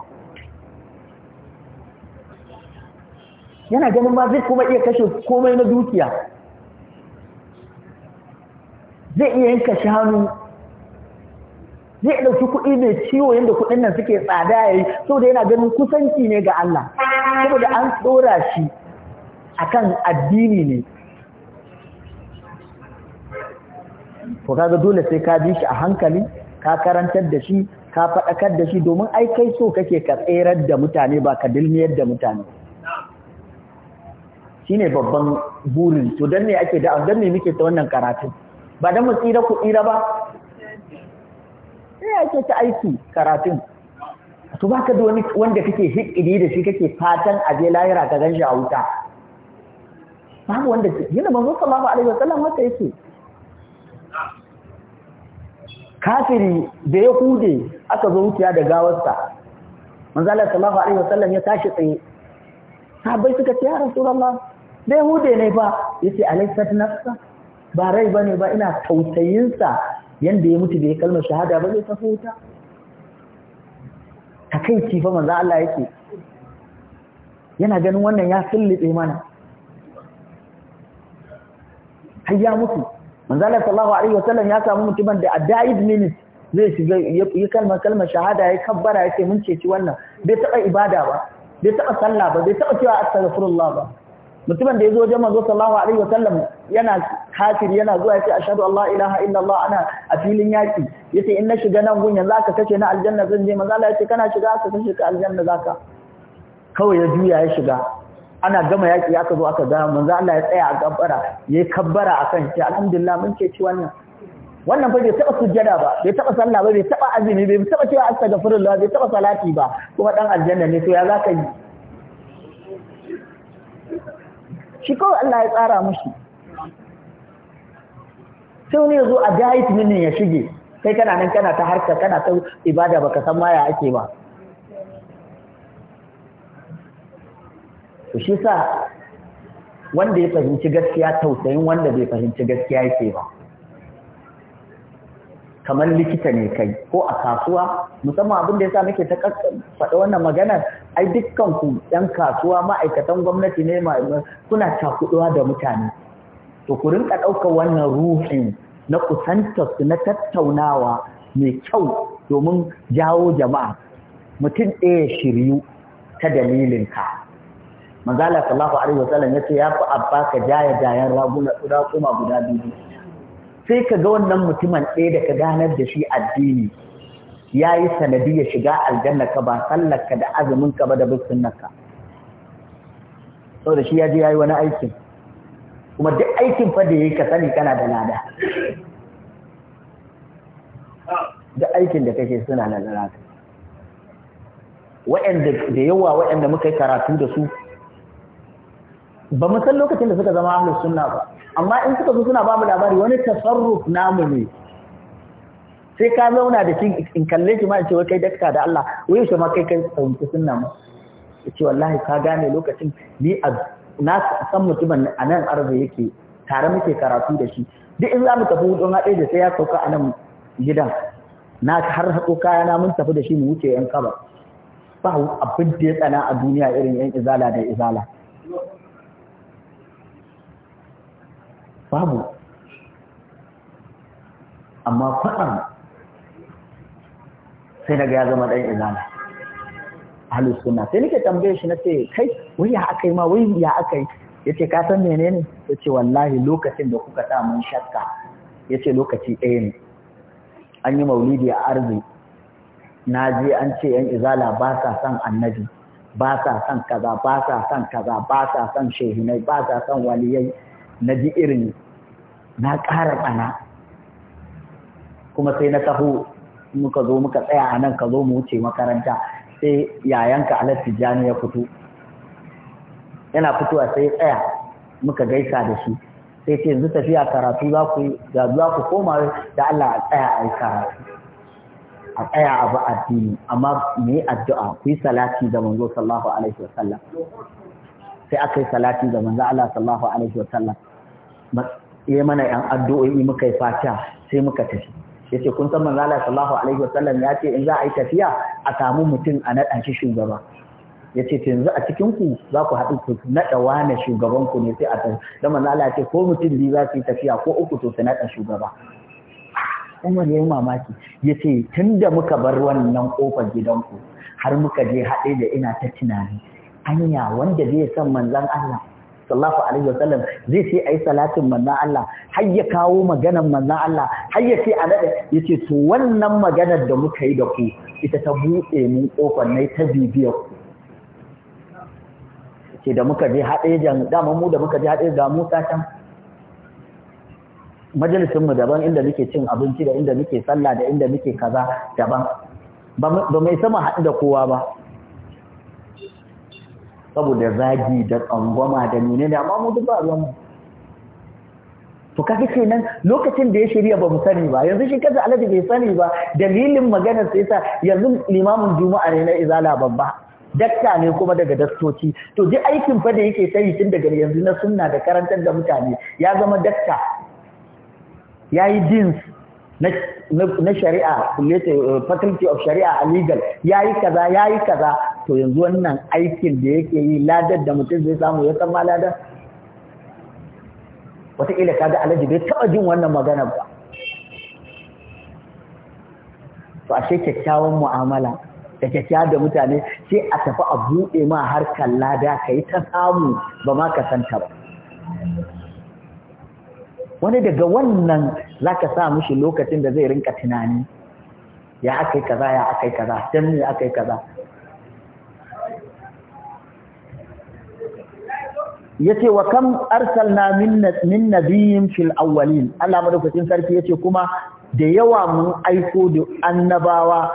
yana ganin ma zai kuma iya kashe komai na dukiya zai iya yanka shanu zai ɗauki kuɗi mai ciwo yadda kuɗin nan suke tsada ya yi saboda yana ganin kusanci ne ga Allah saboda an tsora shi akan addini ne to kaga dole sai ka bi shi a hankali ka karantar da shi ka faɗakar da shi domin ai kai so kake ka tserar da mutane ba ka dilmiyar da mutane shine babban burin to dan ne ake da dan ne muke ta wannan karatu ba dan mu tsira ku tsira ba sai ake ta aiki karatun to baka da wani wanda kake hikiri da shi kake fatan a je lahira ka ganshi a wuta babu wanda yana manzo sallallahu alaihi wasallam haka yake kafiri da ya hude aka zo wuciya da gawarsa manzala sallallahu alaihi wasallam ya tashi tsaye Sabai suka ce ya rasulullah da ya hude ne fa yace alaysa nafsa ba rai bane ba ina tausayinsa sa yanda ya mutu da ya kalma shahada ba zai tafi wuta kai fa manzo Allah yake yana ganin wannan ya sulluɓe mana har ya mutu manzala sallallahu alaihi wasallam ya samu mutumin da a da minis zai shiga yi kalmar kalmar shahada ya kabbara ya ce mun ceci wannan bai taɓa ibada ba bai taɓa sallah ba bai taɓa cewa astaghfirullah ba mutumin da ya zo wajen manzo sallallahu alaihi wasallam yana kafir, yana zuwa ya ce ashhadu an ilaha illallah ana a filin yaki ce in na shiga nan gunya zaka ka kace na aljanna zan je manzo yace kana shiga aka kace ka aljanna zaka kawai ya juya ya shiga ana gama yaki aka zo aka gama manzo Allah ya tsaya a gabbara yayi kabbara akan shi alhamdulillah mun ce ci wannan wannan fa bai taba sujjada ba bai taba sallah ba bai taba azumi bai taba cewa astaghfirullah bai taba salati ba kuma dan aljanna ne to ya zaka yi shi ko Allah ya tsara mushi sai wani ya zo a dai tunin ya shige kai kana nan kana ta harka kana ta ibada baka san maya ake ba to shi sa wanda ya fahimci gaskiya tausayin wanda bai fahimci gaskiya yake ba kamar likita ne kai ko a kasuwa musamman abin da yasa nake ta faɗa wannan magana, ai dukkan ku ɗan kasuwa ma'aikatan gwamnati ne kuna cakuɗuwa da mutane to ku rinka ɗaukar wannan ruhin na kusantar su na tattaunawa mai kyau domin jawo jama'a mutum ɗaya shiryu ta dalilinka manzala sallallahu alaihi wasallam yace ya fi abba ka jaya jayan raguna guda kuma guda biyu sai ka ga wannan mutumin ɗaya da ka ganar da shi addini ya yi sanadiyar shiga aljanna ka ba sallarka da azumin ka ba da bisunanka saboda shi ya je ya yi wani aikin kuma duk aikin fa da ya yi ka sani kana da lada duk aikin da kake suna da lada wa'anda da yawa wa'anda muka yi karatu da su ba mu san lokacin da suka zama ahlus sunna ba amma in suka zo suna ba mu labari wani tasarruf namu ne sai ka zauna da shi in kalle shi ma in ce wai kai dakta da Allah wai shi ma kai kai fahimci sunna mu ce wallahi ka gane lokacin ni a na san mutumin a nan arzu yake tare muke karatu da shi duk in za mu tafi hudun haɗe da sai ya sauka a nan gidan na har haɗo kaya na mun tafi da shi mu wuce yan kaba ba abin da ya tsana a duniya irin yan izala da izala babu amma kwatsam sai daga ya zama ɗan izana ahalus suna sai nake tambaye shi na ce kai wai ya aka yi ma wai ya aka yi ya ce ka san menene ya ce wallahi lokacin da kuka sa mun shakka ya ce lokaci ɗaya ne an yi maulidi a arzi na je an ce yan izala ba sa son annabi ba sa son kaza ba sa son kaza ba sa son shehinai ba sa son waliyai na ji irin na ƙara tsana kuma sai na taho muka zo muka tsaya a nan ka zo mu wuce makaranta sai yayanka Alas Tijjani ya fito yana fitowa sai ya tsaya muka gaisa da shi sai ce yanzu tafiya karatu za ku ga za ku koma da Allah a tsaya a yi karatu a tsaya a ba addini amma mu yi addu'a ku yi salati da manzo sallallahu alaihi wasallam sai aka yi salati da manzo Allah sallallahu alaihi wasallam ya mana yan addu'o'i muka yi fata sai muka tafi yace kun san manzo Allah alaihi wasallam ya ce in za a yi tafiya a samu mutum a naɗa shi shugaba yace to yanzu a cikin ku za ku haɗu ku naɗa wani shugaban ku ne sai a tafi dan manzo ya ce ko mutum biyu za su yi tafiya ko uku to su naɗa shugaba Umar ya yi mamaki ya ce tun da muka bar wannan kofar gidanku har muka je haɗe da ina ta tunani anya wanda zai san manzan Allah sallallahu alaihi sallam zai sai ayi salatin manzon Allah har ya kawo maganar manzon Allah har ya sai a yace to wannan maganar da muka yi da ku ita ta buɗe mun kofar nai ta bibiyar ku ce da muka je jan dama mu da muka je haɗe ga Musa can majalisin mu daban inda muke cin abinci da inda muke sallah da inda muke kaza daban ba mai sama haɗu da kowa ba saboda zagi da tsangwama da nune da amma mu ba ruwan to kake nan lokacin da ya shirya ba mu sani ba yanzu shi kaza alaji bai sani ba dalilin maganar sai sa yanzu limamin juma'a ne na izala babba dakta ne kuma daga dastoci to duk aikin fa da yake sai tun daga yanzu na sunna da karantar da mutane ya zama dakta yayi dins na shari'a uh, faculty of shari'a a legal yayi kaza yayi kaza to yanzu wannan aikin da yake yi ladar da mutum zai samu ya san ma ladar wataƙila kaga alhaji bai taɓa jin wannan magana ba to ashe kyakkyawan mu'amala da kyakkyawa da mutane sai a tafi a buɗe ma harkar lada ka yi ta samu ba ma ka santa ba wani daga wannan za ka sa mushi lokacin da zai rinka tunani ya aka yi kaza ya aka yi kaza can ne aka yi kaza yace wa kam arsalna na min nabiyin fil awwalin Allah madaukakin sarki yace kuma da yawa mun aiko da annabawa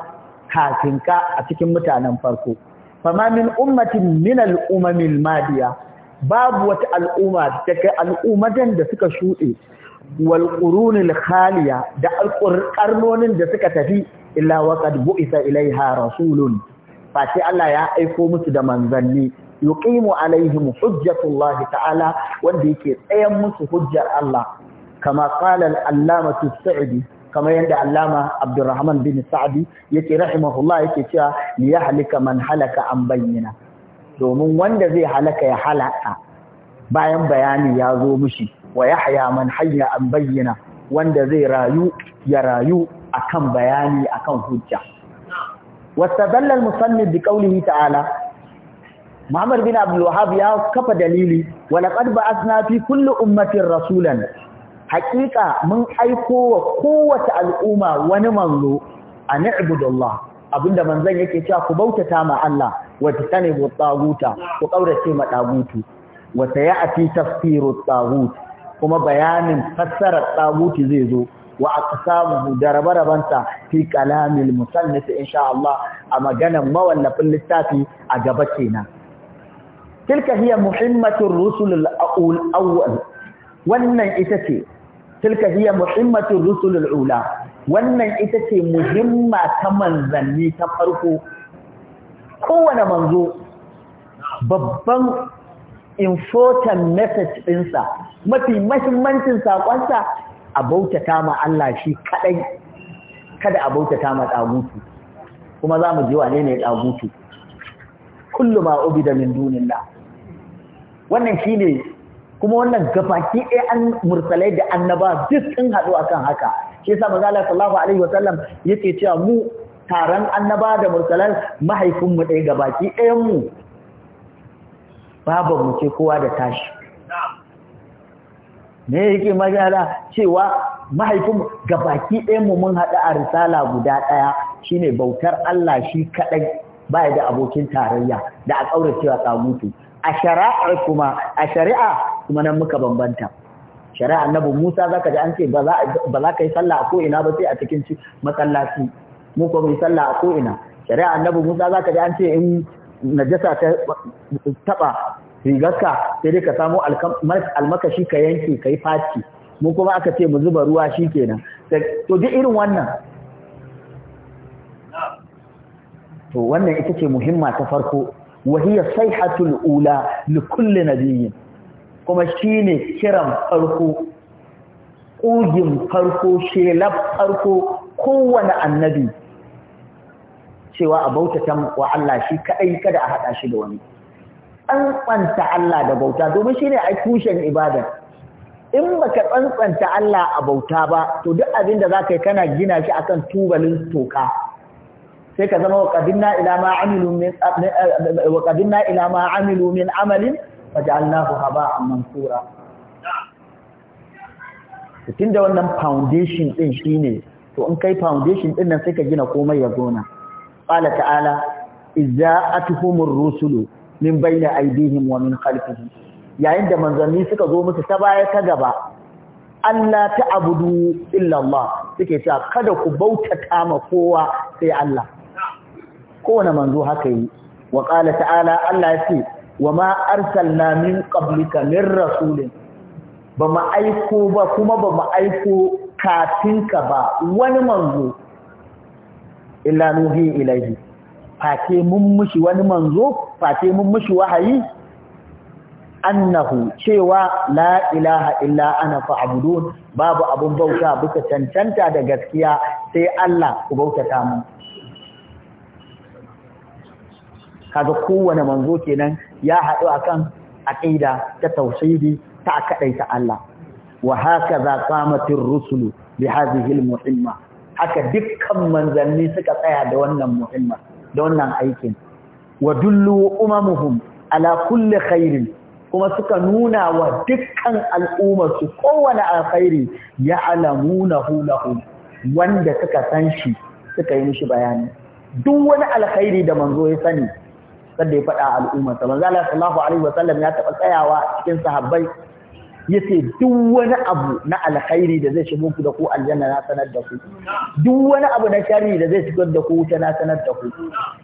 kafin ka a cikin mutanen farko fama min ummatin min al madiya babu wata al'umma da kai da suka shuɗe wal qurunil khaliya da alqurnonin da suka tafi illa waqad bu'itha ilaiha rasulun fa sai Allah ya aiko musu da manzanni yuqimu alaihim hujjatullah ta'ala wanda yake tsayan musu hujjar Allah kama qala al-allama sa'di kama yanda allama abdurrahman bin sa'di yake rahimahullah yake cewa li yahlika man halaka an bayyana domin wanda zai halaka ya halaka bayan bayani ya zo mishi wa yahya man hayya an bayyana wanda zai rayu ya rayu akan bayani akan hujja واستدل bi بقوله ta'ala. Muhammad bin Abdul Wahhab ya kafa dalili wa laqad ba'athna fi kulli ummatin rasulan haqiqa mun aiko wa kowace al'umma wani manzo an ibudullah abinda manzon yake cewa ku bautata ma Allah wa tanibu taguta ku kaurace ma tagutu wa sayati tafsiru tagut kuma bayanin fassarar taguti zai zo wa aqsamuhu darabarabansa fi kalamil musannif insha Allah a maganan mawallafin littafi a gaba kenan tilka hiya muhimmatur rusulul awwal wannan ita ce tilka hiya muhimmatur ula wannan ita ce muhimma ta manzanni ta farko kowane manzo babban important message ɗinsa mafi mahimmancin saƙonsa a bautata ma Allah shi kaɗai kada a bautata ma ɗagutu kuma za mu ji wane ne ɗagutu kullu ma ubida min dunillah wannan shi ne kuma wannan gabaki ɗaya an mursalai da annaba duk sun haɗu akan haka shi yasa manzo Allah sallallahu alaihi wasallam yake cewa mu taron annaba da mursalan mahaifinmu ɗaya gabaki ɗayan mu baban mu ce kowa da tashi me yake magana cewa mahaifinmu gabaki ɗayan mu mun haɗu a risala guda ɗaya shine bautar Allah shi kaɗai baya da abokin tarayya da a ƙauracewa tsamutu a shari'a kuma a shari'a kuma nan muka bambanta shari'a annabi Musa zaka ji an ce ba za ka yi sallah a ko'ina ba sai a cikin masallaci mu ko yi sallah a ko'ina shari'a annabi Musa zaka ji an ce in najasa ta taba rigarka sai dai ka samu almakashi ka yanke ka yi faci mu kuma aka ce mu zuba ruwa shi kenan to duk irin wannan to wannan ita ce muhimma ta farko wa hiya sayhatul ula li kulli nabiyyin kuma shine kiran farko ƙugin farko shelab farko kowane annabi cewa a bauta wa Allah shi kaɗai kada a haɗa shi da wani tsantsanta Allah da bauta domin shine ai tushen ibada in baka tsantsanta Allah a bauta ba to duk abin da zaka yi kana gina shi akan tubalin toka sai ka zama wa qadimna ila ma amilu min amalin. qadimna ila haba amilu min amalin da wannan foundation ɗin shine to in kai foundation ɗin nan sai ka gina komai ya gona ƙala ta'ala tuhumin rusulu min bayna aydihim wa min khalfihim yayin da manzanni suka zo musu ta baya ta gaba Allah ta abudu illallah suke cewa kada ku bautata ma kowa sai Allah kowane manzo haka yi wa ta'ala Allah ya ce wa ma arsalna min qablika min rasulin ba mu aiko ba kuma ba mu aiko kafin ka ba wani manzo illa nuhi ilaihi fate mun mushi wani manzo fate mun mushi wahayi annahu cewa la ilaha illa ana fa'budun babu abun bauta buka cancanta da gaskiya sai Allah ku bautata mu kaga kowane manzo kenan ya haɗu akan aqida ta tausayi ta kadaita Allah wa hakaza qamatir rusulu bi hadhihi al-muhimma haka dukkan manzanni suka tsaya da wannan muhimma da wannan aikin wa dullu umamuhum ala kulli khairin kuma suka nuna wa dukkan al'ummar su kowane alkhairi ya'lamunahu lahum wanda suka san shi suka yi mishi bayani duk wani alkhairi da manzo ya sani sanda ya faɗa al'ummar sa manzo Allah sallallahu alaihi wasallam ya taɓa tsayawa cikin sahabbai yace duk wani abu na alkhairi da zai shigo ku da ku aljanna na sanar da ku duk wani abu na sharri da zai shigo da ku wuta na sanar da ku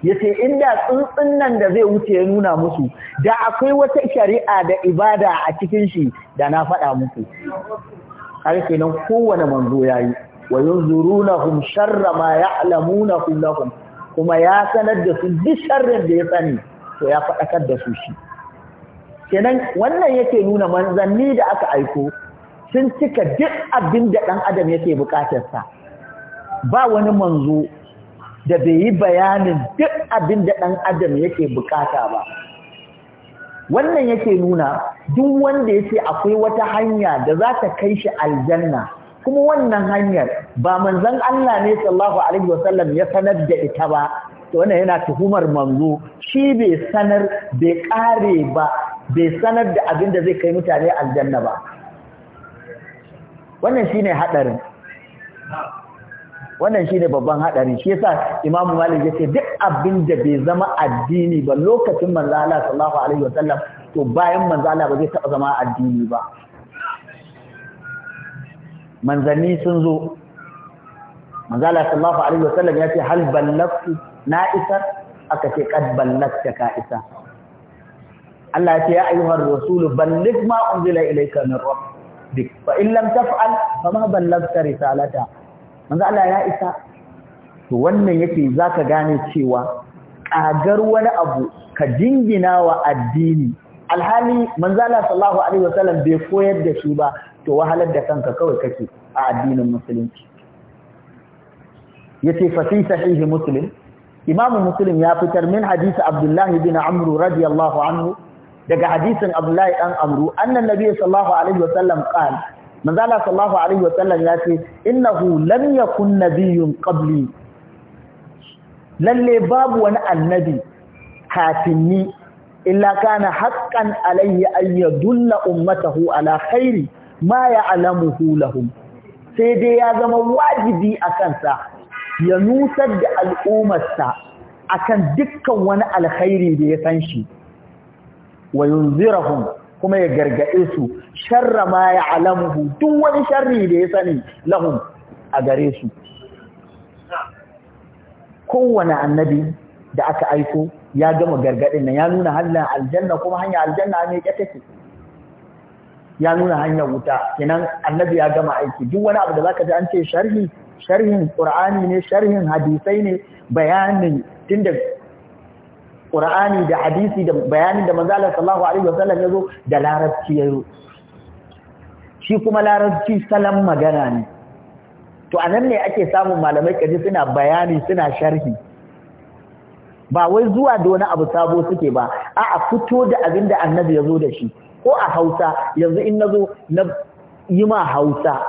yace inda tsuntsun nan da zai wuce ya nuna musu da akwai wata shari'a da ibada a cikin shi da na faɗa muku har kenan kowane manzo yayi wa yunzurunahum sharra ma ya'lamuna lahum kuma ya sanar da su duk sharrin da ya sani to ya faɗakar da su shi kenan wannan yake nuna manzanni da aka aiko sun cika duk abin da ɗan adam yake buƙatarsa ba wani manzo da bai yi bayanin duk abin da ɗan adam yake buƙata ba wannan yake nuna duk wanda yake akwai wata hanya da za ta kai shi aljanna kuma wannan hanyar ba manzon Allah ne sallallahu alaihi wasallam ya sanar da ita ba to wannan yana tuhumar manzo shi bai sanar bai kare ba bai sanar da abin da zai kai mutane aljanna ba wannan shine hadarin wannan shine babban hadari shi yasa Imam Malik yace duk abin da bai zama addini ba lokacin manzo Allah sallallahu alaihi wasallam to bayan manzo Allah ba zai taba zama addini ba manzanni sun zo manzala sallallahu alaihi wasallam ya ce hal ballagtu na isar aka ce qad ballagta ka isa Allah ya ce ya ayyuhar rasulu balligh ma unzila ilayka min rabbik fa in lam taf'al fama ballagta risalata manzo Allah ya isa to wannan yake zaka gane cewa kagar wani abu ka jingina wa addini alhali manzala sallallahu alaihi wasallam bai koyar da shi ba to wahalar da kanka kawai kake a addinin musulunci yace fa fi sahih muslim imamu muslim ya fitar min hadisi abdullahi bin amru radiyallahu anhu daga hadisin abdullahi dan amru annan nabi sallallahu alaihi wasallam qala manzo Allah sallallahu alaihi wasallam ya ce innahu lam yakun nabiyyun qabli lalle babu wani annabi kafinni illa kana haqqan alayhi an yadulla ummatahu ala khairi ma ya'lamuhu lahum sai dai ya zama wajibi a kansa ya nusar da al'ummarsa akan dukkan wani alkhairi da ya san shi wa kuma ya gargaɗe su sharra ma ya'lamuhu duk wani sharri da ya sani lahum a gare su kowane annabi da aka aiko ya gama gargaɗin nan ya nuna hannun aljanna kuma hanya aljanna ne ya take ya nuna hanyar wuta kenan annabi ya gama aiki duk wani abu da zaka ji an ce sharhi sharhin qur'ani ne sharhin hadisai ne bayanin tunda qur'ani da hadisi da bayanin da manzo Allah sallallahu alaihi wasallam yazo da larabci yazo shi kuma larabci salam magana ne to anan ne ake samun malamai kaji suna bayani suna sharhi ba wai zuwa da wani abu sabo suke ba a'a fito da abinda annabi yazo da shi ko a hausa yanzu in nazo na yi ma hausa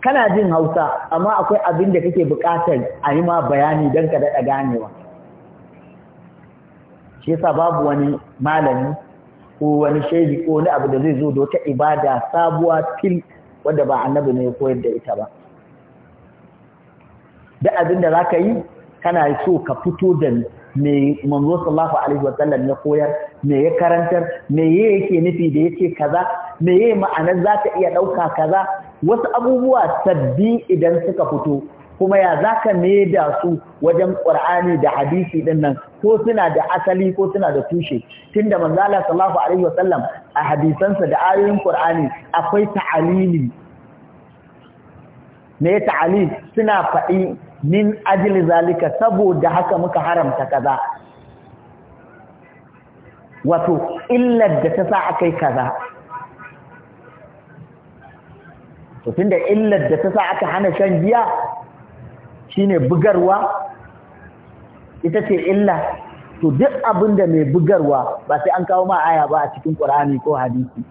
kana jin hausa amma akwai abin da kake buƙatar a yi ma bayani don ka daɗa ganewa shi yasa babu wani malami ko wani shaidi ko wani abu da zai zo da wata ibada sabuwa fil wadda ba annabi ne ya koyar da ita ba duk abin da za ka yi kana so ka fito da me manzo sallallahu alaihi wa sallam ya koyar me ya karantar me yake nufi da yake kaza me yake ma'anar za ta iya dauka kaza wasu abubuwa sabbi idan suka fito kuma ya zaka me da su wajen Qur'ani da hadisi din nan ko suna da asali ko suna da tushe tunda manzo sallallahu alaihi wa sallam a hadisansa da ayoyin Qur'ani akwai ta'alili me ta'alil suna faɗi min ajli zalika saboda haka muka haramta kaza wato illar da ta sa akai kaza to tunda illar da ta sa aka hana shan giya shine bugarwa ita ce illa to duk abinda mai bugarwa ba sai an kawo ma aya ba a cikin Qur'ani ko hadisi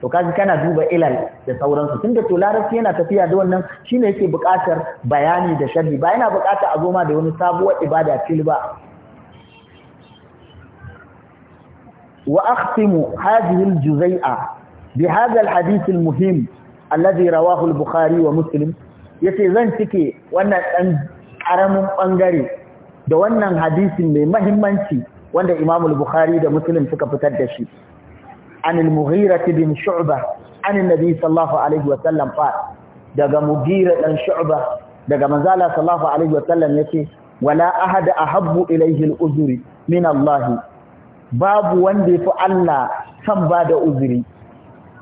to kaji kana duba ilal da sauransu tunda to larabci yana tafiya da wannan shi ne yake buƙatar bayani da sharhi ba yana buƙatar a zo da wani sabuwar ibada fil ba wa akhtimu hadhihi al-juzai'a bi hadha al-hadith al alladhi rawahu al-bukhari wa muslim yace zan cike wannan dan karamin bangare da wannan hadisin mai muhimmanci wanda Imamul al-Bukhari da Muslim suka fitar da shi عن المغيرة بن شعبة عن النبي صلى الله عليه وسلم قال دقى مغيرة بن شعبة دقى منزالة صلى الله عليه وسلم يكي ولا أحد أحب إليه الأذر من الله باب وندي فألا سم بعد أذري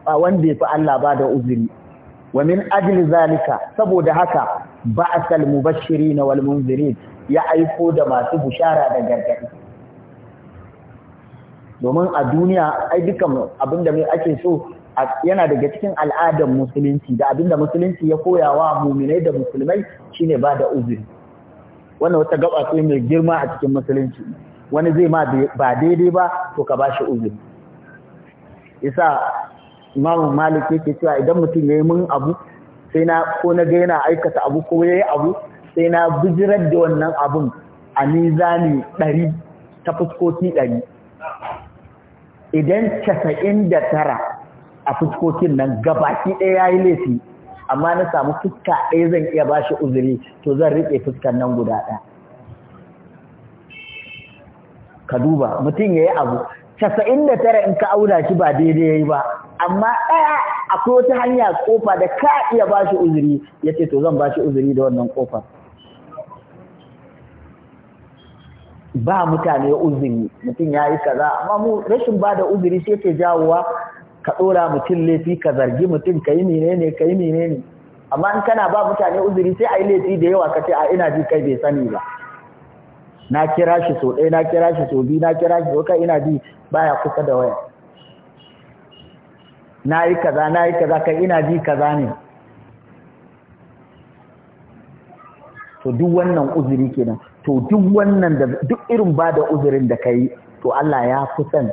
وندي فألا بعد أذري ومن أجل ذلك سبود هكا بعث المبشرين والمنذرين يا أيقود ما تبشارة دقى domin a duniya ai dukkan abin da ake so yana daga cikin al'adar musulunci da abin da musulunci ya koya wa muminai da musulmai shine ba da uzuri wannan wata gaba ce mai girma a cikin musulunci wani zai ma ba daidai ba to ka bashi uzuri isa imamu malik yake cewa idan mutum yayi mun abu sai na ko na ga yana aikata abu ko yayi abu sai na bijirar da wannan abun a mizani ɗari ta fuskoki ɗari idan casa'in da tara a fuskokin nan gabaki ɗaya ya yi laifi amma na samu fuska ɗaya zan iya ba shi uzuri to zan riƙe fuskan nan guda ɗaya ka duba mutum ya yi abu casa'in da tara in ka auna shi ba daidai ya yi ba amma ɗaya akwai wata hanya ƙofa da ka iya ba shi uzuri ya ce to zan ba shi uzuri da wannan ƙofar ba mutane uzuri mutum ya yi kaza amma mu rashin ba da uzuri sai ke jawowa ka ɗora mutum laifi ka zargi mutum ka yi menene ka yi menene amma in kana ba mutane uzuri sai a yi laifi da yawa ka ce a ina ji kai bai sani ba na kira shi so ɗaya na kira shi so biyu na kira shi so kai ina ji baya kusa da waya na yi kaza na yi kaza kai ina ji kaza ne to duk wannan uzuri kenan to duk wannan da duk irin ba da uzurin da ka yi to Allah ya fi son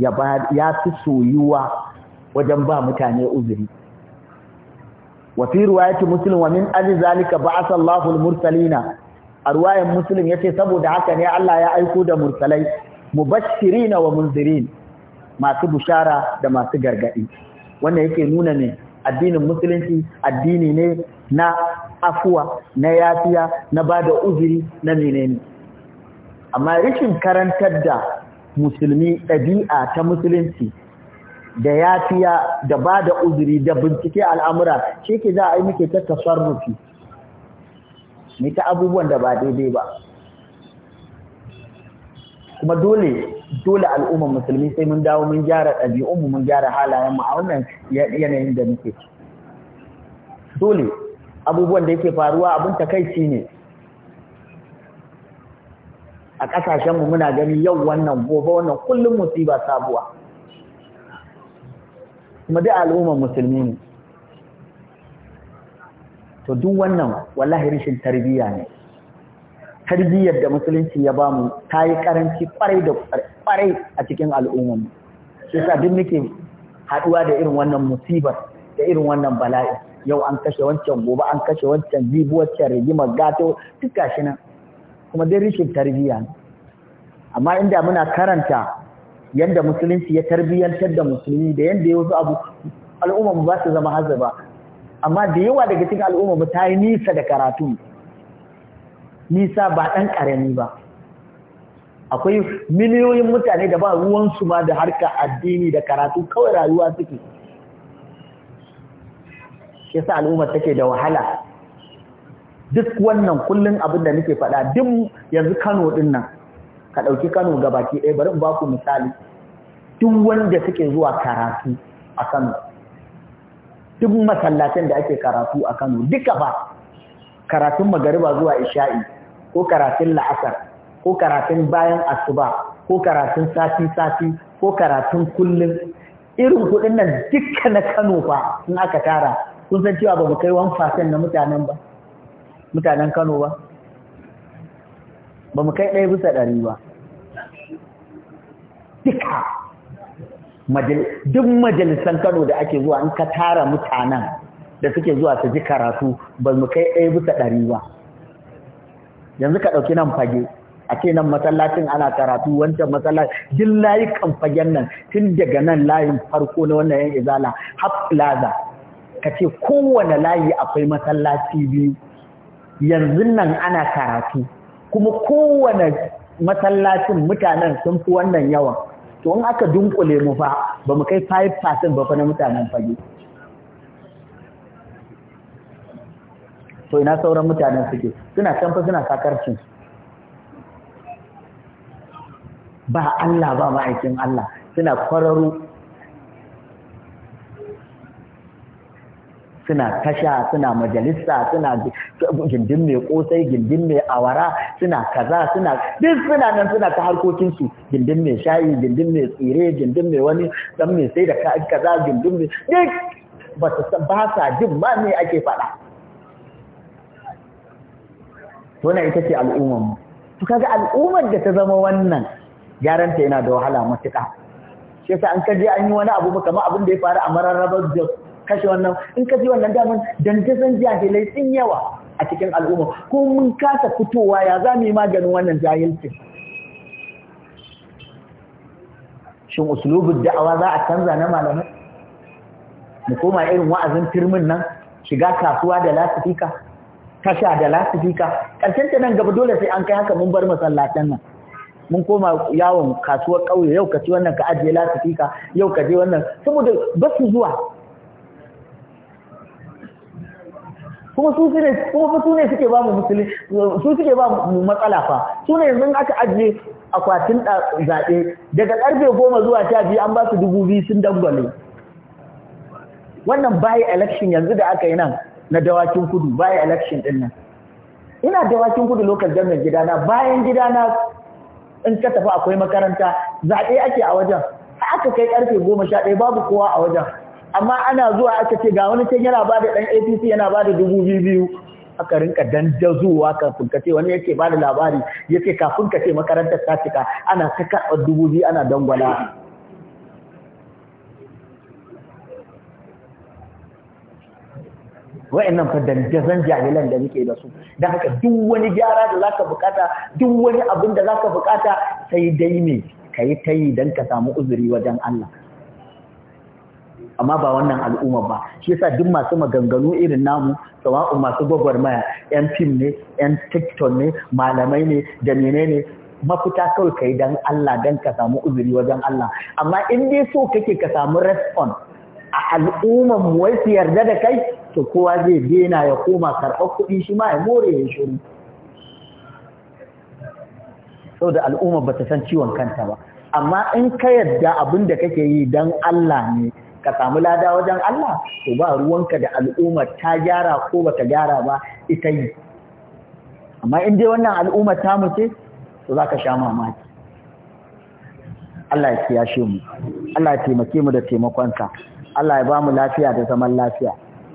ya fi soyuwa wajen ba mutane uzuri wa fi riwayati muslim wa min ajli zalika ba'atha Allahu al-mursalina a riwayan muslim yace saboda haka ne Allah ya aiko da mursalai mubashirina wa munzirin masu bushara da masu gargadi wannan yake nuna ne addinin musulunci addini ne na afuwa na yafiya na ba da uzuri na menene amma rikin karantar da musulmi ɗabi'a ta musulunci da yafiya da ba da uzuri da bincike al'amura shi ke za a yi muke ta tasarrufi ne ta abubuwan da ba daidai ba kuma dole dole al'ummar musulmi sai mun dawo mun gyara ɗabi'unmu mun gyara halayenmu a wannan yanayin da muke dole abubuwan da yake faruwa abin takaici ne a kasashen mu muna gani yau wannan gobe wannan kullum musiba sabuwa kuma duk al'ummar musulmi ne to duk wannan wallahi rashin tarbiyya ne tarbiyyar da musulunci ya bamu ta yi karanci kwarai da kwarai a cikin al'ummarmu shi sa duk muke haɗuwa da irin wannan musibar da irin wannan bala'i yau an kashe wancan gobe an kashe wancan jibi wancan rigimar gato duk gashi nan kuma dai rishin tarbiyya amma inda muna karanta yanda musulunci ya tarbiyyantar da musulmi da yadda ya wasu abu al'umma mu ba su zama hazaba amma da yawa daga cikin al'umma mu ta yi nisa da karatu nisa ba ɗan karami ba akwai miliyoyin mutane da ba ruwansu ma da harka addini da karatu kawai rayuwa suke shi yasa al'ummar take da wahala duk wannan kullun abin da nake faɗa duk yanzu Kano din nan ka ɗauki Kano gabaki ɗaya bari in ba ku misali duk wanda suke zuwa karatu a Kano duk masallacin da ake karatu a Kano duka ba karatun magariba zuwa isha'i ko karatun la'asar ko karatun bayan asuba ko karatun sati-sati ko karatun kullun irin kudin nan dukkan na Kano fa in aka tara kun san cewa ba mu kai 1% na mutanen ba mutanen Kano ba ba mu kai ɗaya bisa ɗari ba duka duk majalisan Kano da ake zuwa in ka tara mutanen da suke zuwa su ji karatu ba mu kai ɗaya bisa ɗari ba yanzu ka ɗauki nan fage a ce nan masallacin ana karatu wancan masallacin duk layukan fagen nan tun daga nan layin farko na wannan yan izala har plaza ka ce kowane layi akwai masallaci biyu yanzu nan ana karatu kuma kowane masallacin mutanen sun fi wannan yawan to in aka dunkule mu fa ba mu kai 5% ba fa na mutanen fage to ina sauran mutanen suke suna can suna sakarcin ba Allah ba ma'aikin Allah suna kwararo suna tasha suna majalisa suna gindin mai kosai gindin mai awara suna kaza suna duk suna nan suna ta harkokin su gindin mai shayi gindin mai tsire gindin mai wani dan mai sai da kaza gindin mai duk ba su ba sa jin ma me ake faɗa wannan ita ce al'ummar mu to kaga al'ummar da ta zama wannan ta yana da wahala matuƙa shi yasa an kaje an yi wani abu kamar abin da ya faru a mararrabar jos kashe wannan in ka ji wannan daman dantasan jahilai sun yawa a cikin al'umma ko mun kasa fitowa ya za mu yi maganin wannan jahilci shin uslubin da'awa za a canza na malamai mu koma irin wa'azin firmin nan shiga kasuwa da lasifika tasha da lasifika ƙarshen ta nan gaba dole sai an kai haka mun bar masallatan nan mun koma yawon kasuwar kauye, yau ka ci wannan ka ajiye lasifika yau ka je wannan saboda ba su zuwa kuma su ne kuma su ne suke ba mu musulmi su suke ba mu matsala fa su ne yanzu aka ajiye akwatin zaɓe daga karfe goma zuwa sha biyu an ba su dubu biyu sun dangwale wannan bayi election yanzu da aka yi nan na dawakin kudu bayi election din nan ina dawakin kudu local government gidana bayan gidana in ka tafi akwai makaranta zaɓe ake a wajen aka kai karfe goma sha ɗaya babu kowa a wajen amma ana zuwa aka ce ga wani can yana ba da ɗan apc yana ba da dubu biyu biyu aka rinka dandazuwa kafin ka ce wani yake ba da labari yake kafin ka ce makarantar ta cika ana ta karɓar dubu biyu ana dangwala wa'annan fa jazan jahilan da muke da su da haka duk wani gyara da zaka bukata duk wani abin da zaka bukata sai dai me kayi tayi don ka samu uzuri wajen Allah amma ba wannan al'ummar ba shi yasa duk masu maganganu irin namu sawa'un masu gwagwarmaya yan fim ne yan tiktok ne malamai ne da menene mafita kawai kai dan Allah dan ka samu uzuri wajen Allah amma in dai so kake ka samu response a al'ummar mu wai su yarda da kai to kowa zai dena ya koma karɓar kuɗi shi ma ya more ya shiru saboda al'umma ba ta san ciwon kanta ba amma in ka yarda abin da kake yi dan Allah ne ka samu lada wajen Allah to ba ruwanka da al'ummar ta gyara ko ba ta gyara ba ita yi amma in dai wannan al'ummar ta muke, to za ka sha mamaki Allah ya shi mu Allah ya taimake mu da taimakon sa, Allah ya ba mu lafiya da zaman lafiya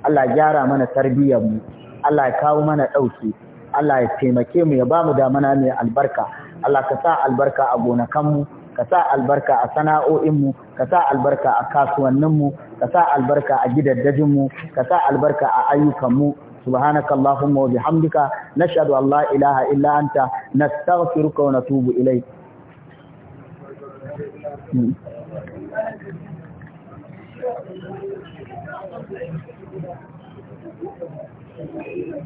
Allah ya gyara mana tarbiyyar mu Allah ya kawo mana ɗauki, Allah ya taimake mu ya ba mu da mana mai albarka, Allah ka sa albarka a gonakan mu. ka sa albarka a sana'o'inmu ka sa albarka a kasuwanninmu ka sa albarka a gidaddajinmu ka sa albarka a ayyukanmu سبحانك اللهم وبحمدك نشهد أن لا إله إلا أنت نستغفرك ونتوب إليك mm